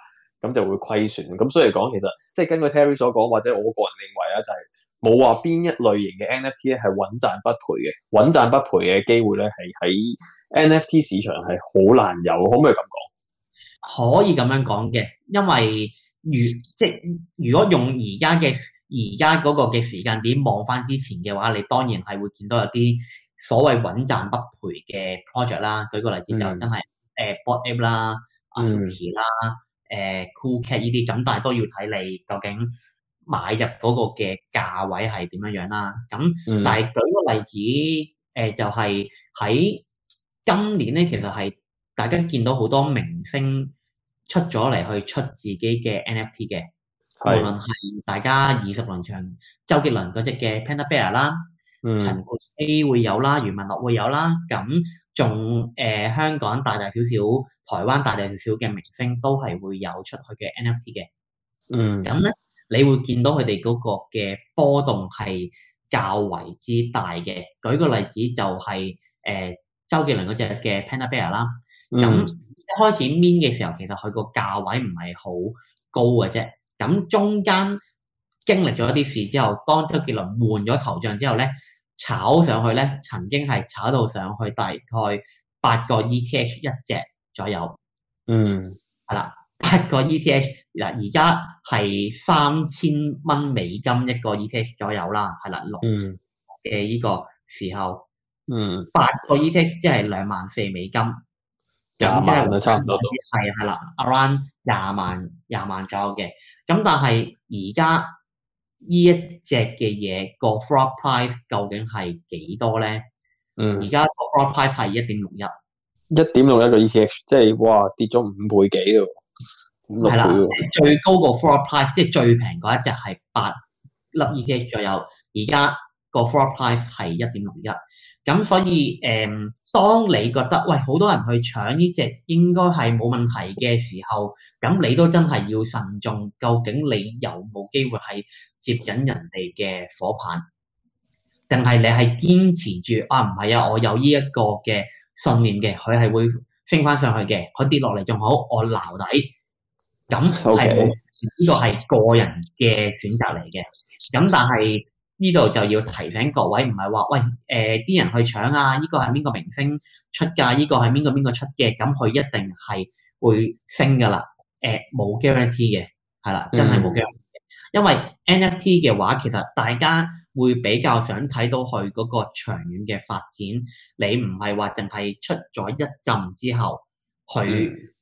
咁就會虧損，咁所以講其實即係根據 Terry 所講，或者我個人認為啦、就係，就係。冇話邊一類型嘅 NFT 咧係穩賺不賠嘅，穩賺不賠嘅機會咧係喺 NFT 市場係好難有，可唔可以咁講？可以咁樣講嘅，因為如即係如果用而家嘅而家嗰嘅時間點望翻之前嘅話，你當然係會見到有啲所謂穩賺不賠嘅 project 啦。舉個例子就真係誒 Bot M 啦、Azuki 啦、誒、呃嗯呃、Cool Cat 呢啲，咁但係都要睇你究竟。買入嗰個嘅價位係點樣樣啦？咁，但係舉個例子，誒、呃、就係、是、喺今年咧，其實係大家見到好多明星出咗嚟去出自己嘅 NFT 嘅，無論係大家二十輪場周杰倫嗰隻嘅 Panda Bear 啦、嗯，陳冠希會有啦，余文樂會有啦，咁仲誒香港大大小小、台灣大大小小嘅明星都係會有出去嘅 NFT 嘅，嗯，咁咧。你會見到佢哋嗰個嘅波動係較為之大嘅。舉個例子就係、是、誒、呃、周杰倫嗰隻嘅 Panda Bear 啦。咁、嗯、一開始 min 嘅時候，其實佢個價位唔係好高嘅啫。咁中間經歷咗一啲事之後，當周杰倫換咗頭像之後咧，炒上去咧，曾經係炒到上去大概八個 ETH 一隻左右。嗯，係啦。八個 ETH 嗱，而家係三千蚊美金一個 ETH 左右啦，係啦，六嘅呢個時候，嗯，八個 ETH 即係兩萬四美金，兩萬差唔多，係係啦，around 廿萬廿萬左右嘅，咁但係而家呢一隻嘅嘢個 floor price 究竟係幾多咧？嗯，而家個 floor price 係一點六一，一點六一個 ETH，即係哇，跌咗五倍幾咯。係啦，最高個 floor price 即係最平嗰一隻係八粒二 k 左右，而家個 floor price 係一點六一，咁所以誒、嗯，當你覺得喂，好多人去搶呢隻，應該係冇問題嘅時候，咁你都真係要慎重，究竟你有冇機會係接緊人哋嘅火棒，定係你係堅持住啊？唔係啊，我有呢一個嘅信念嘅，佢係會升翻上去嘅，佢跌落嚟仲好，我撈底。咁係呢個係個人嘅選擇嚟嘅，咁但係呢度就要提醒各位，唔係話喂，誒啲人去搶啊，呢個係邊個明星出價，呢個係邊個邊個出嘅，咁佢一定係會升噶啦，誒冇 guarantee 嘅。係啦，真係冇 guarantee 嘅，因為 NFT 嘅話，其實大家會比較想睇到佢嗰個長遠嘅發展，你唔係話淨係出咗一陣之後佢。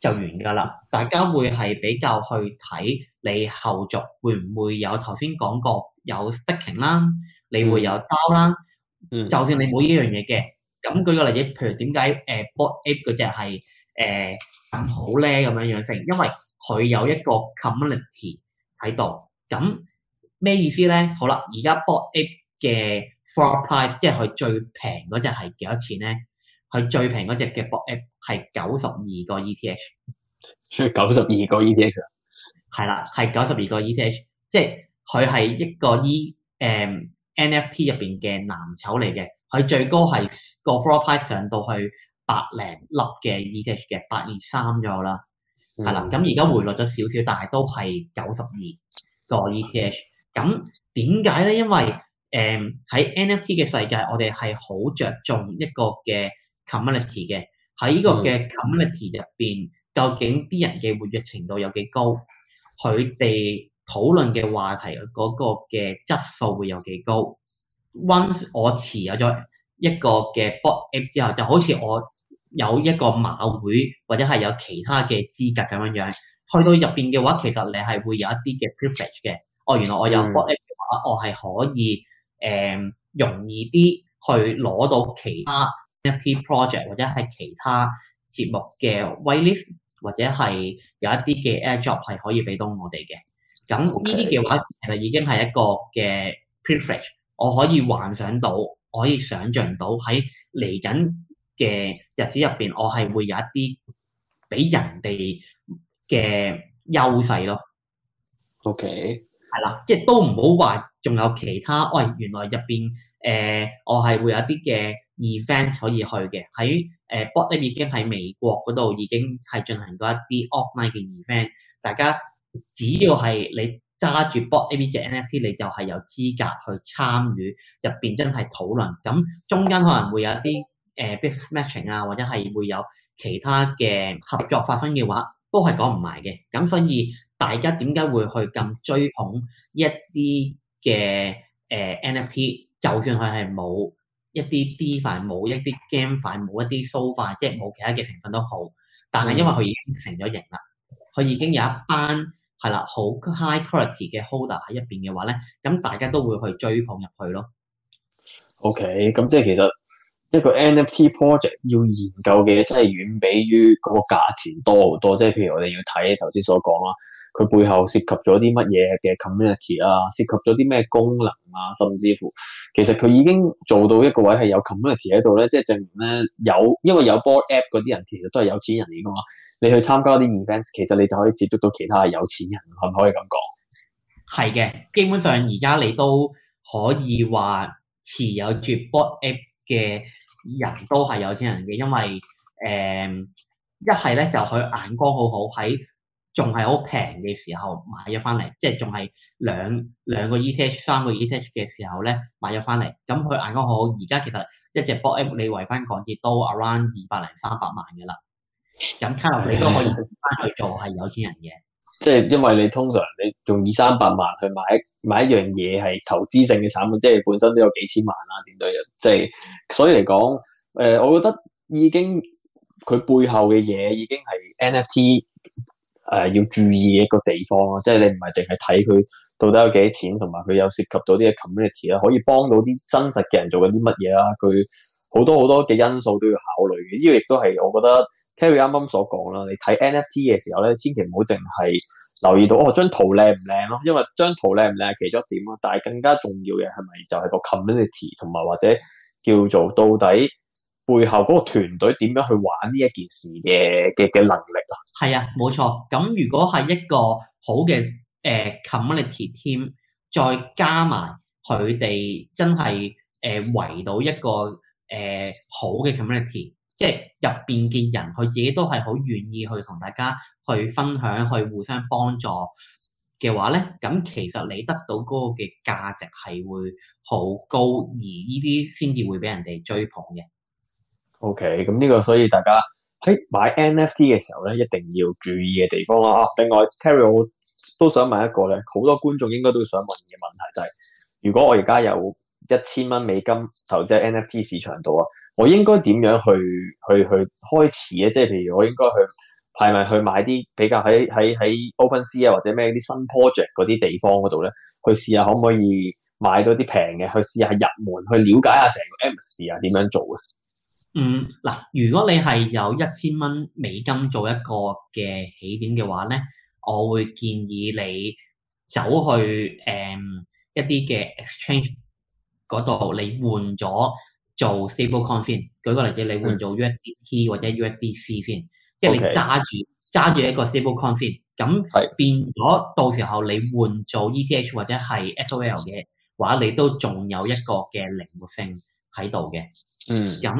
就完㗎啦！大家會係比較去睇你後續會唔會有頭先講過有 staking 啦，你會有包啦。嗯，就算你冇呢樣嘢嘅，咁舉個例子，譬如點解誒 Bored Ape 嗰隻係、呃、誒咁好咧？咁樣樣成，因為佢有一個 community 喺度。咁咩意思咧？好啦，而家 Bored Ape 嘅 floor price，即係佢最平嗰隻係幾多錢咧？佢最平嗰隻嘅博 app 係九十二個 ETH，九十二個 ETH 啊，係啦，係九十二個 ETH，即係佢係一個依、e, 誒、um, NFT 入邊嘅藍籌嚟嘅，佢最高係個 floor price 上到去百零粒嘅 ETH 嘅，百二三左右啦，係啦，咁而家回落咗少少，但係都係九十二個 ETH、嗯。咁點解咧？因為誒喺、um, NFT 嘅世界，我哋係好着重一個嘅。community 嘅，喺呢個嘅 community 入邊，究竟啲人嘅活躍程度有幾高？佢哋討論嘅話題嗰個嘅質素會有幾高？Once 我持有咗一個嘅 bot app 之後，就好似我有一個馬會或者係有其他嘅資格咁樣樣，去到入邊嘅話，其實你係會有一啲嘅 privilege 嘅。哦，原來我有 bot app 嘅話，我係可以誒、嗯、容易啲去攞到其他。NFT project 或者係其他節目嘅 white list 或者係有一啲嘅 airdrop 係可以俾到我哋嘅，咁呢啲嘅話 Okay. 其實已經係一個嘅 privilege。我可以幻想到，我可以想象到喺嚟緊嘅日子入邊，我係會有一啲俾人哋嘅優勢咯。OK，係啦，即係都唔好話仲有其他。喂、哎，原來入邊誒，我係會有一啲嘅。event 可以去嘅，喺誒 bot 咧，已經喺美國嗰度已經係進行過一啲 offline 嘅 event，大家只要係你揸住 bot A V G N F T，你就係有資格去參與入邊真係討論。咁中間可能會有啲誒 bit matching 啊，或者係會有其他嘅合作發生嘅話，都係講唔埋嘅。咁所以大家點解會去咁追捧一啲嘅誒 N F T？就算佢係冇。一啲 d i 冇一啲 Game 快冇一啲 So 快，即係冇其他嘅成分都好，但係因為佢已經成咗型啦，佢、嗯、已經有一班係啦好 High Quality 嘅 Holder 喺入邊嘅話咧，咁大家都會去追捧入去咯。O K，咁即係其實。一個 NFT project 要研究嘅嘢真係遠比於嗰個價錢多好多，即係譬如我哋要睇頭先所講啦，佢背後涉及咗啲乜嘢嘅 community 啊，涉及咗啲咩功能啊，甚至乎，其實佢已經做到一個位係有 community 喺度咧，即係證明咧有，因為有 board app 嗰啲人其實都係有錢人嚟噶嘛，你去參加啲 event，其實你就可以接觸到其他有錢人，可唔可以咁講？係嘅，基本上而家你都可以話持有住 board app。嘅人都係有錢人嘅，因為誒、呃、一係咧就佢眼光好好，喺仲係好平嘅時候買咗翻嚟，即係仲係兩兩個 ETH 三個 ETH 嘅時候咧買咗翻嚟。咁佢眼光好好，而家其實一隻 block 你維翻港鐵都 around 二百零三百萬嘅啦。咁卡洛斯都可以翻去做係有錢人嘅。即係因為你通常你用二三百萬去買買一樣嘢係投資性嘅產品，即係本身都有幾千萬啦、啊，點都樣。即係所以嚟講，誒、呃，我覺得已經佢背後嘅嘢已經係 NFT 誒、呃、要注意嘅一個地方咯。即係你唔係淨係睇佢到底有幾錢，同埋佢有涉及到啲嘅 community 啦，可以幫到啲真實嘅人做緊啲乜嘢啦。佢好多好多嘅因素都要考慮嘅。呢、這個亦都係我覺得。Kerry 啱啱所講啦，你睇 NFT 嘅時候咧，千祈唔好淨係留意到哦張圖靚唔靚咯，因為張圖靚唔靚係其中一點咯，但係更加重要嘅係咪就係個 community 同埋或者叫做到底背後嗰個團隊點樣去玩呢一件事嘅嘅嘅能力啊？係啊，冇錯。咁如果係一個好嘅誒、呃、community team，再加埋佢哋真係誒圍到一個誒、呃、好嘅 community。即係入邊嘅人，佢自己都係好願意去同大家去分享，去互相幫助嘅話咧，咁其實你得到嗰個嘅價值係會好高，而呢啲先至會俾人哋追捧嘅。O K，咁呢個所以大家喺、欸、買 N F T 嘅時候咧，一定要注意嘅地方啦、啊。另外，Carrie，我都想問一個咧，好多觀眾應該都想問嘅問題就係、是：如果我而家有一千蚊美金投資喺 NFT 市場度啊！我應該點樣去去去，去開始咧？即係譬如我應該去係咪去買啲比較喺喺喺 OpenSea 或者咩啲新 project 嗰啲地方嗰度咧，去試下可唔可以買到啲平嘅去試下入門，去了解下成個 NFT 啊點樣做啊。嗯，嗱，如果你係有一千蚊美金做一個嘅起點嘅話咧，我會建議你走去誒、嗯、一啲嘅 exchange。嗰度你換咗做 stable coin，n f 舉個例子，你換做 USDT 或者 USDC 先，即係你揸住揸住一個 stable coin，n f 咁變咗到時候你換做 ETH 或者係 Sol 嘅話，你都仲有一個嘅靈活性喺度嘅。嗯，咁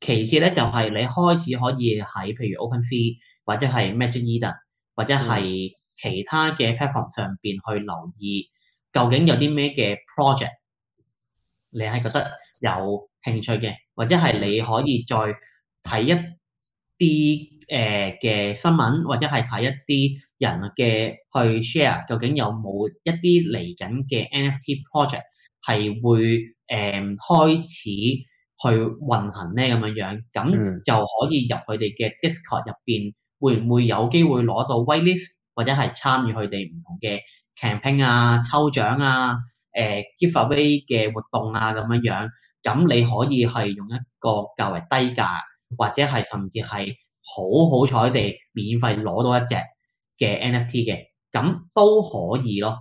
其次咧就係、是、你開始可以喺譬如 OpenSea 或者係 Magic Eden 或者係其他嘅 platform 上邊去留意究竟有啲咩嘅 project。你係覺得有興趣嘅，或者係你可以再睇一啲誒嘅新聞，或者係睇一啲人嘅去 share，究竟有冇一啲嚟緊嘅 NFT project 係會誒、呃、開始去運行咧咁樣樣，咁就可以入佢哋嘅 Discord 入邊，會唔會有機會攞到 white list 或者係參與佢哋唔同嘅 camping 啊、抽獎啊？誒、呃、Giveaway 嘅活動啊，咁樣樣，咁你可以係用一個較為低價，或者係甚至係好好彩地免費攞到一隻嘅 NFT 嘅，咁都可以咯。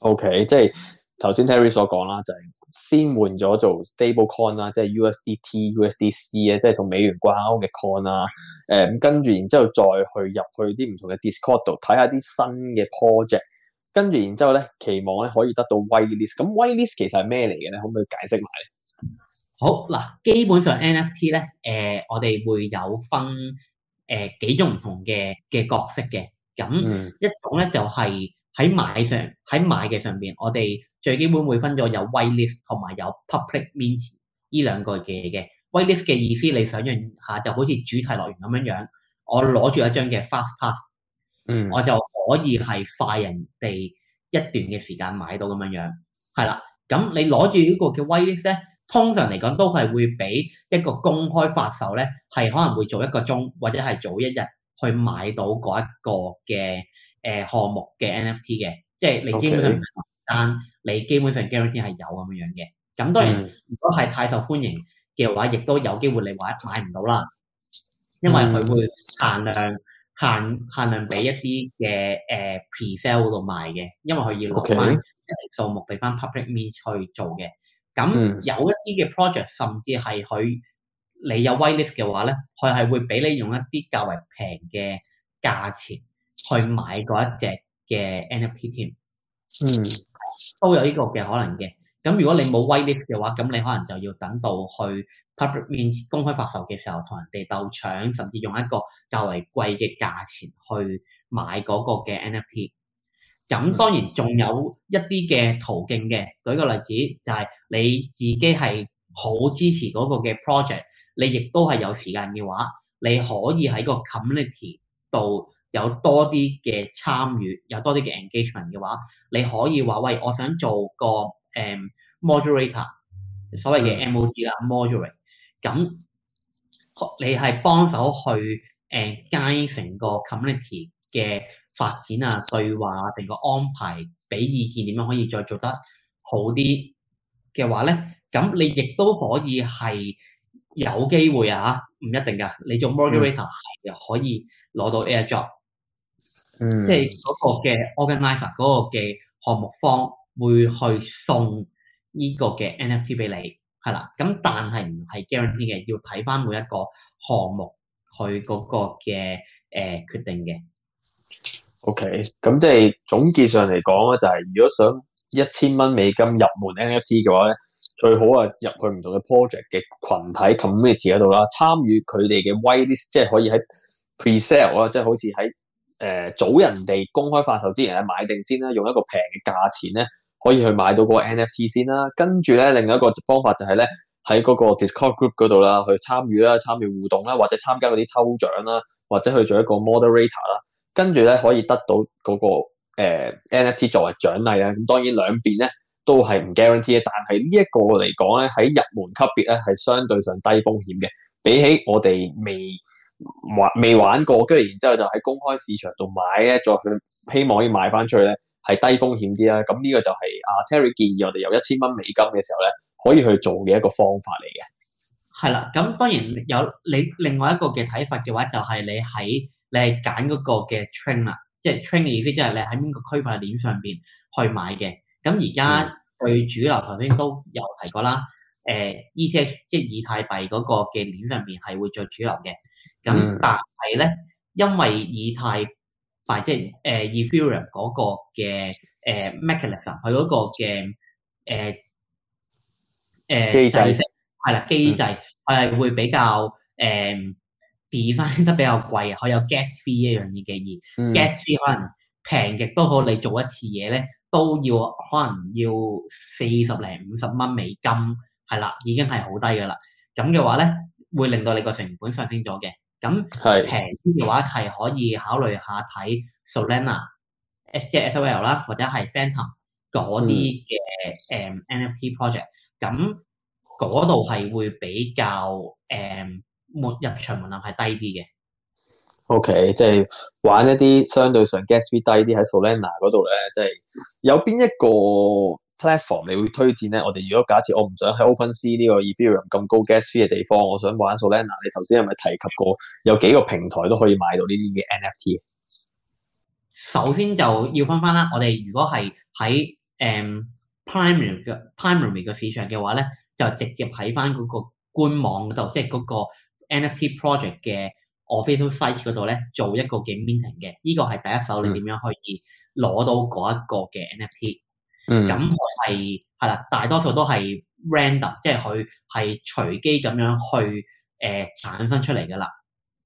OK，即係頭先 Terry 所講啦，就係、是、先換咗做 stable coin 啦，即係 US USDT、USDC 咧，即係同美元掛鈎嘅 coin 啦、呃。誒，咁跟住然之後再去入去啲唔同嘅 Discord 度睇下啲新嘅 project。跟住，然之後咧，期望咧可以得到 White List。咁 White List 其實係咩嚟嘅咧？可唔可以解釋埋咧？好嗱，基本上 NFT 咧，誒、呃，我哋會有分誒、呃、幾種唔同嘅嘅角色嘅。咁一種咧就係、是、喺買上喺買嘅上邊，我哋最基本會分咗有 White List 同埋有 Public Mint 呢兩個嘅嘅。White List 嘅意思，你想象下就好似主題樂園咁樣樣，我攞住一張嘅 Fast Pass。嗯， <noise> 我就可以係快人哋一段嘅時間買到咁樣樣，係啦。咁你攞住呢個嘅 whitelist 咧，通常嚟講都係會畀一個公開發售咧，係可能會早一個鐘或者係早一日去買到嗰一個嘅誒、呃、項目嘅 NFT 嘅，即係你基本上單 Okay. 你基本上 guarantee 係有咁樣樣嘅。咁當然， <noise> 如果係太受歡迎嘅話，亦都有機會你話買唔到啦，因為佢會限量。限限量俾一啲嘅誒、呃、pre-sell 度賣嘅，因為佢要落翻數目俾翻 public me 去做嘅。咁、嗯、有一啲嘅 project 甚至係佢你有 whitelist 嘅話咧，佢係會俾你用一啲較為平嘅價錢去買嗰一隻嘅 NFT 添。嗯，都有呢個嘅可能嘅。咁如果你冇 white list 嘅話，咁你可能就要等到去 public 面公開發售嘅時候，同人哋鬥搶，甚至用一個較為貴嘅價錢去買嗰個嘅 NFT。咁當然仲有一啲嘅途徑嘅，舉個例子就係、是、你自己係好支持嗰個嘅 project，你亦都係有時間嘅話，你可以喺個 community 度有多啲嘅參與，有多啲嘅 engagement 嘅話，你可以話喂，我想做個。誒、um, moderator，所謂嘅 mod 啦，moderator，咁你係幫手去 guide 成個 community 嘅發展啊、對話啊，定個安排俾意見，點樣可以再做得好啲嘅話咧？咁你亦都可以係有機會啊，唔一定㗎，你做 moderator 係、嗯、可以攞到 airdrop 即係嗰個嘅 organizer 嗰個嘅項目方。會去送呢個嘅 NFT 俾你係啦，咁但係唔係 guarantee 嘅，要睇翻每一個項目佢嗰個嘅誒、呃、決定嘅。OK，咁即係總結上嚟講咧，就係、是、如果想一千蚊美金入門 NFT 嘅話咧，最好啊入去唔同嘅 project 嘅群體 community 喺度啦，參與佢哋嘅 white list，即係可以喺 pre sale 啊，sell，即係好似喺誒早人哋公開發售之前咧買定先啦，用一個平嘅價錢咧。可以去買到個 NFT 先啦，跟住咧另外一個方法就係咧喺嗰個 Discord group 嗰度啦，去參與啦、參與互動啦，或者參加嗰啲抽獎啦，或者去做一個 moderator 啦，跟住咧可以得到嗰個、呃、NFT 作為獎勵啊。咁當然兩邊咧都係唔 guarantee 嘅，但係呢一個嚟講咧喺入門級別咧係相對上低風險嘅，比起我哋未玩未玩過，跟住然之後就喺公開市場度買咧，再去希望可以買翻出去咧。係低風險啲啦，咁、這、呢個就係阿 Terry 建議我哋由一千蚊美金嘅時候咧，可以去做嘅一個方法嚟嘅。係啦，咁當然有你另外一個嘅睇法嘅話，就係你喺你係揀嗰個嘅 train 啦，即係 train 嘅意思即係你喺邊個區塊鏈上邊去買嘅。咁而家對主流頭先、嗯、都有提過啦。誒、呃、ETH 即係以太幣嗰個嘅鏈上邊係會做主流嘅。咁但係咧，嗯、因為以太快即係誒 referral 個嘅誒 mechanism，佢個嘅誒誒機制係啦機制，佢係、嗯、會比較誒 design、呃、得比較貴，貴，佢、嗯、有 get fee 一樣嘢嘅，而、嗯、get fee 可能平亦都好，嗯、你做一次嘢咧都要可能要四十零五十蚊美金，係啦已經係好低噶啦，咁嘅話咧會令到你個成本上升咗嘅。咁平啲嘅話，係可以考慮下睇 Solana、嗯、S，即係 SOL 啦，或者係 Phantom 嗰啲嘅誒 NFT project。咁嗰度係會比較誒門、嗯、入場門檻係低啲嘅。O、okay, OK，即係玩一啲相對上 gas fee 低啲喺 Solana 嗰度咧，即係有邊一個？platform 你會推薦咧？我哋如果假設我唔想喺 OpenSea 呢個、Ethereum 咁、um、高 gas fee 嘅地方，我想玩數咧，嗱，你頭先係咪提及過有幾個平台都可以買到呢啲嘅 NFT？首先就要分翻，啦，我哋如果係喺誒 primary 嘅 primary 嘅市場嘅話咧，就直接喺翻嗰個官網嗰度，即係嗰個 NFT project 嘅 official site 嗰度咧，做一個嘅 minting 嘅，呢個係第一手你點樣可以攞到嗰一個嘅 NFT。嗯咁係係啦，大多數都係 random，即係佢係隨機咁樣去誒、呃、產生出嚟噶啦。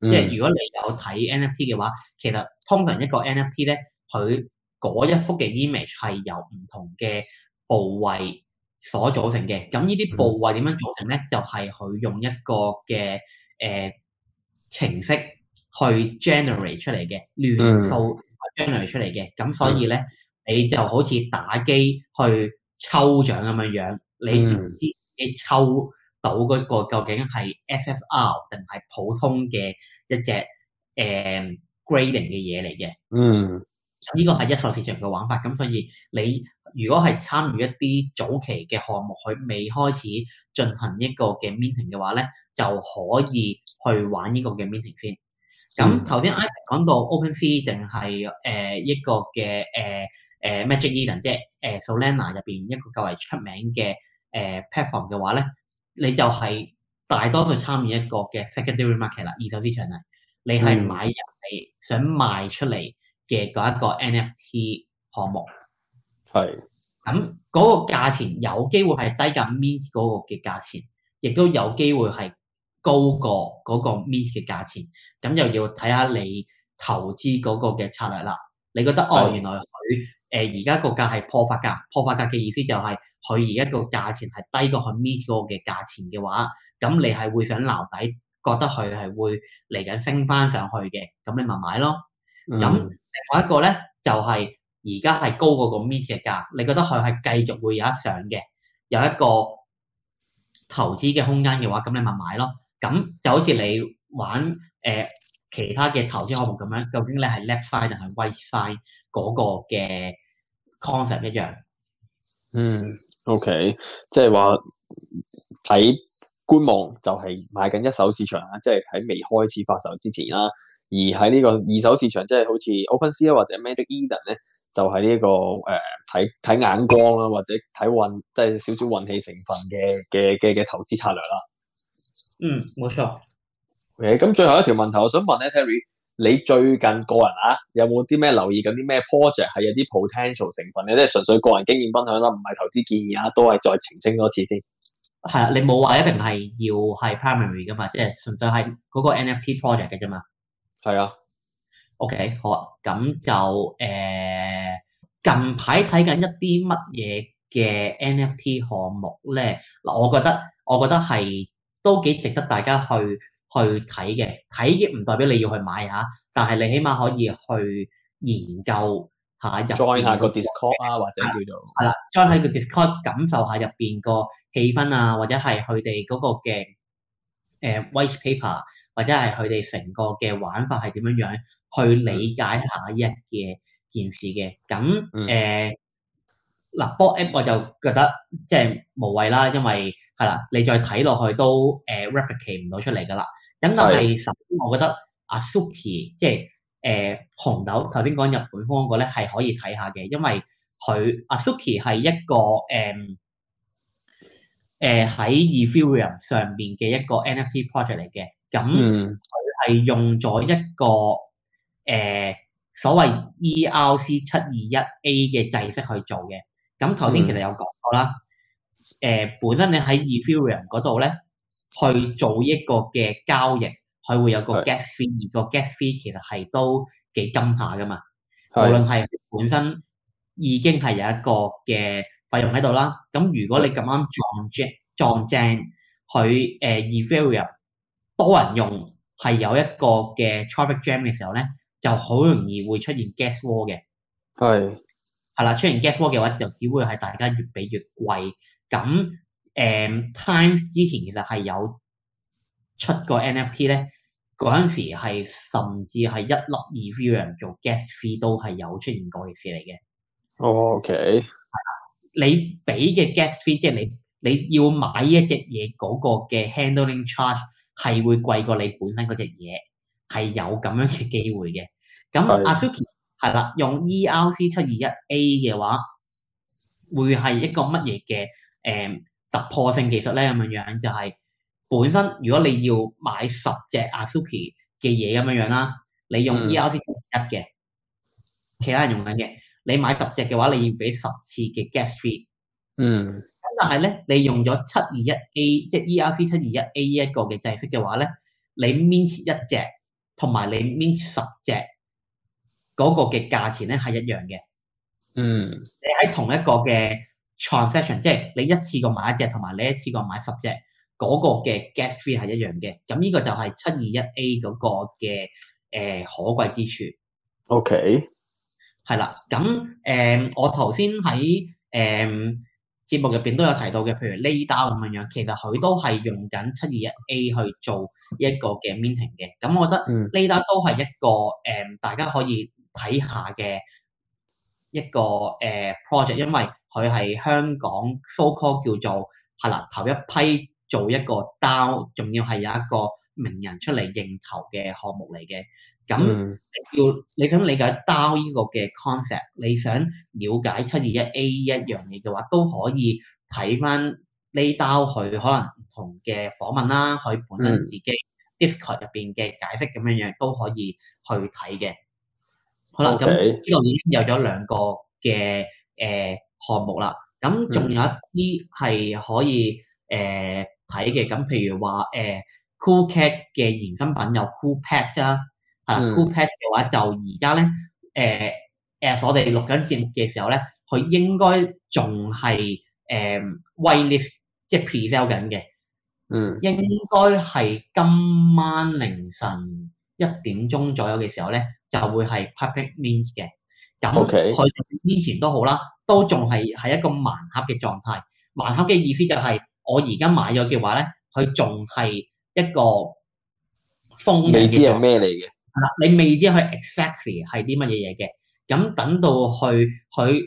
嗯、即係如果你有睇 NFT 嘅話，其實通常一個 NFT 咧，佢嗰一幅嘅 image 係由唔同嘅部位所組成嘅。咁呢啲部位點樣組成咧？嗯、就係佢用一個嘅誒、呃、程式去 generate 出嚟嘅，亂數 generate 出嚟嘅。咁、嗯、所以咧。嗯你就好似打機去抽獎咁樣樣，嗯、你唔知你抽到嗰個究竟係 S S R 定係普通嘅一隻誒、um, grading 嘅嘢嚟嘅。嗯，呢個係一手市場嘅玩法，咁所以你如果係參與一啲早期嘅項目，佢未開始進行一個嘅 minting 嘅話咧，就可以去玩呢個嘅 minting 先。咁頭先 Ivan 講到 open fee 定係誒一個嘅誒。呃誒、uh, Magic Eden 即係、uh, 誒 Solana 入邊一個較為出名嘅誒、uh, Platform 嘅話咧，你就係大多數參與一個嘅 Secondary Market 啦，二手市場啦。你係買入係想賣出嚟嘅嗰一個 NFT 項目。係是。咁嗰、那個價錢有機會係低過 Mean 嗰個嘅價錢，亦都有機會係高過嗰個 Mean 嘅價錢。咁又要睇下你投資嗰個嘅策略啦。你覺得是哦，原來佢。誒而家個價係破發價，破發價嘅意思就係佢而家個價錢係低過佢 m 咪個嘅價錢嘅話，咁你係會想留底，覺得佢係會嚟緊升翻上去嘅，咁你咪買咯。咁、嗯、另外一個咧就係而家係高過個咪嘅價，你覺得佢係繼續會有得上嘅，有一個投資嘅空間嘅話，咁你咪買咯。咁就好似你玩誒、呃、其他嘅投資項目咁樣，究竟你係 left side 定係 right side？嗰個嘅 concept 一樣，嗯，OK，即係話睇官網就係、就是、買緊一手市場啦，即係喺未開始發售之前啦。而喺呢個二手市場，即、就、係、是、好似 Open Sea 或者 Magic Eden 咧，就係、是、呢、這個誒睇睇眼光啦，或者睇運，即係少少運氣成分嘅嘅嘅嘅投資策略啦。嗯，冇錯。OK，咁、欸、最後一條問題，我想問咧，Terry。你最近個人啊，有冇啲咩留意緊啲咩 project 係有啲 potential 成分咧？即係純粹個人經驗分享啦，唔係投資建議啊，都係再澄清多次先。係啊，你冇話一定係要係 primary 㗎嘛？即係純粹係嗰個 NFT project 嘅啫嘛。係啊。O、okay、OK，好啊。咁就誒、呃、近排睇緊一啲乜嘢嘅 NFT 項目咧？嗱，我覺得我覺得係都幾值得大家去。去睇嘅睇嘅唔代表你要去買吓，但係你起碼可以去研究吓入 join 下個 Discord 啊，或者叫做係啦、 <noise> 啊、，join 喺個 Discord 感受下入邊個氣氛啊，或者係佢哋嗰個嘅誒、呃、whitepaper，或者係佢哋成個嘅玩法係點樣樣，去理解一下一日嘅件事嘅。咁誒。嗯嗱，波 app 我就覺得即係無謂啦，因為係啦，你再睇落去都誒、呃、replicate 唔到出嚟㗎啦。咁但係首先，我覺得 Azuki 即係誒、呃、紅豆頭先講日本方個咧係可以睇下嘅，因為佢 Azuki 係一個誒誒、呃、喺、呃、Ethereum 上邊嘅一個 NFT project 嚟嘅，咁佢係用咗一個誒、呃、所謂 ERC 七二一 A 嘅制式去做嘅。咁頭先其實有講過啦，誒、嗯呃、本身你喺 Ethereum 嗰度咧，去做一個嘅交易，佢會有個 gas fee，是而個 gas fee 其實係都幾金下㗎嘛。是無論係本身已經係有一個嘅費用喺度啦，咁如果你咁啱撞正撞正佢誒、uh, Ethereum 多人用係有一個嘅 traffic jam 嘅時候咧，就好容易會出現 gas war 嘅。係。係啦，出現 gas wall 嘅話就只會係大家越俾越貴。咁誒 Times 之前其實係有出過 NFT 咧，嗰陣時係甚至係一粒 Ethereum 做 gas fee 都係有出現過嘅事嚟嘅。Oh, OK，你俾嘅 gas fee 即係你你要買一隻嘢嗰個嘅 handling charge 係會貴過你本身嗰隻嘢，係有咁樣嘅機會嘅。咁阿 Fuky。是啊係啦，用 ERC 七二一 A 嘅話，會係一個乜嘢嘅誒突破性技術咧？咁樣樣就係、是、本身如果你要買十隻 Azuki 嘅嘢咁樣樣啦，你用 ERC 七二一嘅，嗯、其他人用緊嘅，你買十隻嘅話，你要俾十次嘅 gas fee。嗯。咁但係咧，你用咗七二一 A，即係 ERC 七二一 A 個呢一個嘅制式嘅話咧，你 mint 一隻，同埋你 mint 十隻。嗰個嘅價錢咧係一樣嘅，嗯，你喺同一個嘅 transaction，即係你一次過買一隻，同埋你一次過買十隻，嗰、那個嘅 gas fee 係一樣嘅。咁呢個就係七二一 A 嗰個嘅誒、呃、可貴之處。OK，係啦，咁誒、嗯、我頭先喺誒節目入邊都有提到嘅，譬如 l i d a 咁樣樣，其實佢都係用緊七二一 A 去做一個嘅 minting 嘅。咁我覺得 l i d a 都係一個誒大家可以。嗯嗯睇下嘅一個誒、uh, project，因為佢係香港 so call 叫做係啦，頭一批做一個 DAO，仲要係有一個名人出嚟認投嘅項目嚟嘅。咁、mm hmm. 要你咁理解 d DAO 呢個嘅 concept，你想了解七二一 A 一樣嘢嘅話，都可以睇翻呢 d DAO，佢可能唔同嘅訪問啦，佢本身自己 discord 入邊嘅解釋咁樣樣、mm hmm. 都可以去睇嘅。好啦，咁呢度已經有咗兩個嘅誒、呃、項目啦。咁仲有一啲係可以誒睇嘅。咁、呃、譬如話誒、呃、CoolCat 嘅延伸品有 CoolPad 啦、啊，係啦，CoolPad 嘅話就而家咧誒，誒我哋錄緊節目嘅時候咧，佢應該仲係誒 whitelist 即係 preview 緊嘅。嗯，cool 呃、re show，應該係、呃嗯、今晚凌晨，一點鐘左右嘅時候咧，就會係 public means 嘅，咁佢之前都好啦，都仲係喺一個盲盒嘅狀態。盲盒嘅意思就係、是、我而家買咗嘅話咧，佢仲係一個封，未知係咩嚟嘅？係啦，你未知佢 exactly 係啲乜嘢嘢嘅。咁等到去佢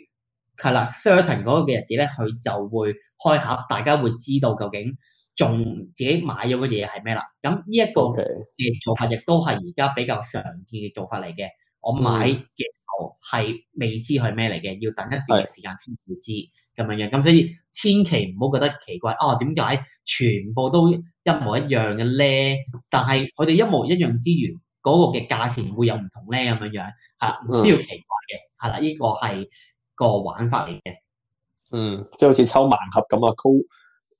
係啦，certain 嗰個嘅日子咧，佢就會開盒，大家會知道究竟仲自己買咗嘅嘢係咩啦？咁呢一個嘅做法亦都係而家比較常見嘅做法嚟嘅。我買嘅時候係未知係咩嚟嘅，mm. 要等一段時間先會知咁樣是樣。咁所以千祈唔好覺得奇怪哦。啊、點解全部都一模一樣嘅咧？但係佢哋一模一樣之餘，嗰個嘅價錢會有唔同咧，咁樣樣係啦，唔需要奇怪嘅。係啦、mm.，呢個係個玩法嚟嘅。嗯，即係好似抽盲盒咁啊！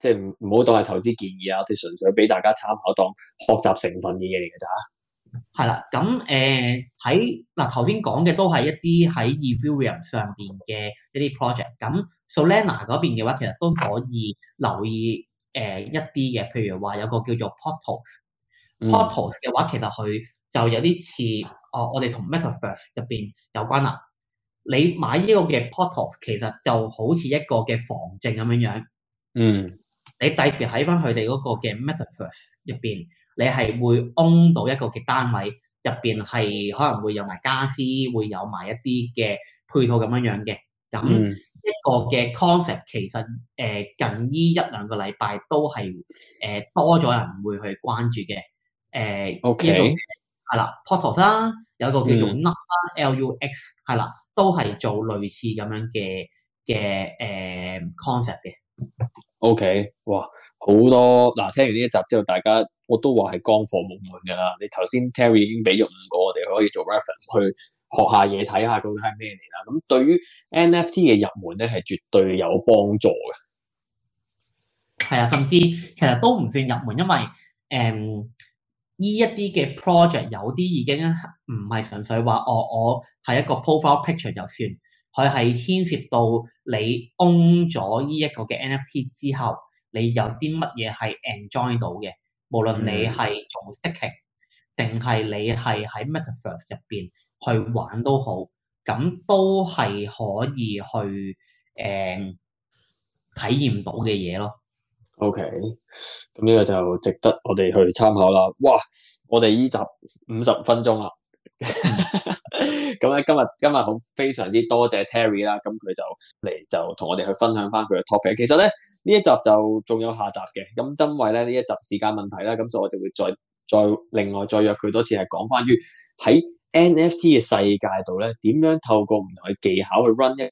即係唔唔好當係投資建議啊！即係純粹俾大家參考當學習成分嘅嘢嚟嘅咋。係啦，咁誒喺嗱頭先講嘅都係一啲喺 Ethereum 上面邊嘅一啲 project。咁 Solana 嗰邊嘅話，其實都可以留意誒、呃、一啲嘅，譬如話有個叫做 Portals，Portals 嘅、嗯、話其實佢就有啲似哦，我哋同 MetaVerse 入邊有關啦。你買呢個嘅 Portals 其實就好似一個嘅房證咁樣樣。嗯。你第時喺翻佢哋嗰個嘅 metaverse 入邊，你係會 own 到一個嘅單位，入邊係可能會有埋家私，會有埋一啲嘅配套咁樣樣嘅。咁一個嘅 concept 其實誒、呃、近依一兩個禮拜都係誒、呃、多咗人會去關注嘅。誒、呃，呢係啦，Portal 啦，Port os, 有一個叫做 Nought Lux，係啦，都係做類似咁樣嘅嘅誒 concept 嘅。O、okay, K，哇，好多嗱、啊，聽完呢一集之後，大家我都話係乾貨滿滿噶啦。你頭先 Terry 已經俾咗五個我哋可以做 reference 去學下嘢，睇下究竟係咩嚟啦。咁對於 NFT 嘅入門咧，係絕對有幫助嘅。係啊，甚至其實都唔算入門，因為誒，呢、嗯、一啲嘅 project 有啲已經唔係純粹話、哦、我我係一個 profile picture 就算。佢係牽涉到你 own 咗呢一個嘅 NFT 之後，你有啲乜嘢係 enjoy 到嘅？無論你係用 staking，定係你係喺 Metaverse 入邊去玩都好，咁都係可以去誒、呃、體驗到嘅嘢咯。OK，咁呢個就值得我哋去參考啦。哇，我哋依集五十分鐘啦～咁咧 <laughs> 今日今日好非常之多謝 Terry 啦，咁佢就嚟就同我哋去分享翻佢嘅 topic。其實咧呢一集就仲有下集嘅，咁因為咧呢一集時間問題啦，咁所以我就會再再另外再約佢多次，係講關於喺 NFT 嘅世界度咧，點樣透過唔同嘅技巧去 run 一。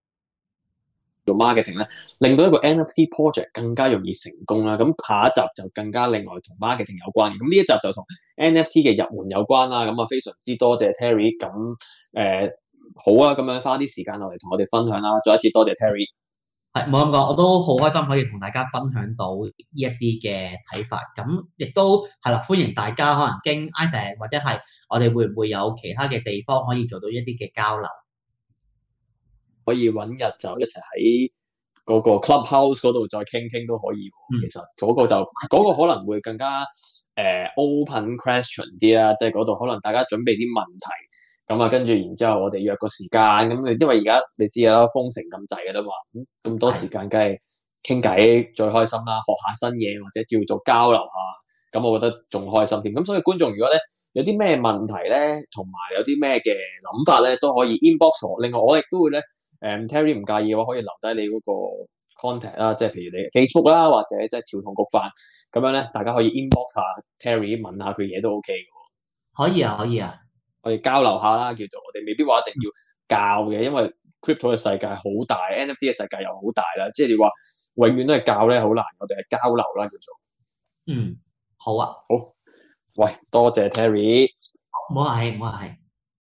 做 marketing 咧，令到一個 NFT project 更加容易成功啦。咁下一集就更加另外同 marketing 有關嘅。咁呢一集就同 NFT 嘅入門有關啦。咁啊，非常之多謝 Terry，咁誒、呃、好啊，咁樣花啲時間落嚟同我哋分享啦。再一次多謝 Terry，係冇咁講，我都好開心可以同大家分享到呢一啲嘅睇法。咁亦都係啦，歡迎大家可能經 Isa 或者係我哋會唔會有其他嘅地方可以做到一啲嘅交流。可以揾日就一齊喺嗰個 clubhouse 嗰度再傾傾都可以。嗯、其實嗰個就嗰、嗰個可能會更加誒、呃、open question 啲啦，即係嗰度可能大家準備啲問題，咁、嗯、啊跟住然之後我哋約個時間，咁你，因為而家你知啦，封城咁滯嘅啦嘛，咁咁多時間梗係傾偈最開心啦，學下新嘢或者照做交流下，咁、嗯、我覺得仲開心啲。咁、嗯、所以觀眾如果咧有啲咩問題咧，同埋有啲咩嘅諗法咧，都可以 inbox 我。另外我亦都會咧。誒、um,，Terry 唔介意嘅話，我可以留低你嗰個 contact 啦，即係譬如你 Facebook 啦，或者即係潮同局範，咁樣咧，大家可以 inbox 下 Terry，問下佢嘢都 OK 嘅。可以啊，可以啊，我哋交流下啦，叫做我哋未必話一定要教嘅，嗯、因為 crypto 嘅世界好大，NFT 嘅世界又好大啦，即係你話永遠都係教咧，好難。我哋係交流啦，叫做。叫做嗯，好啊，好。喂，多謝 Terry。唔該，唔好該。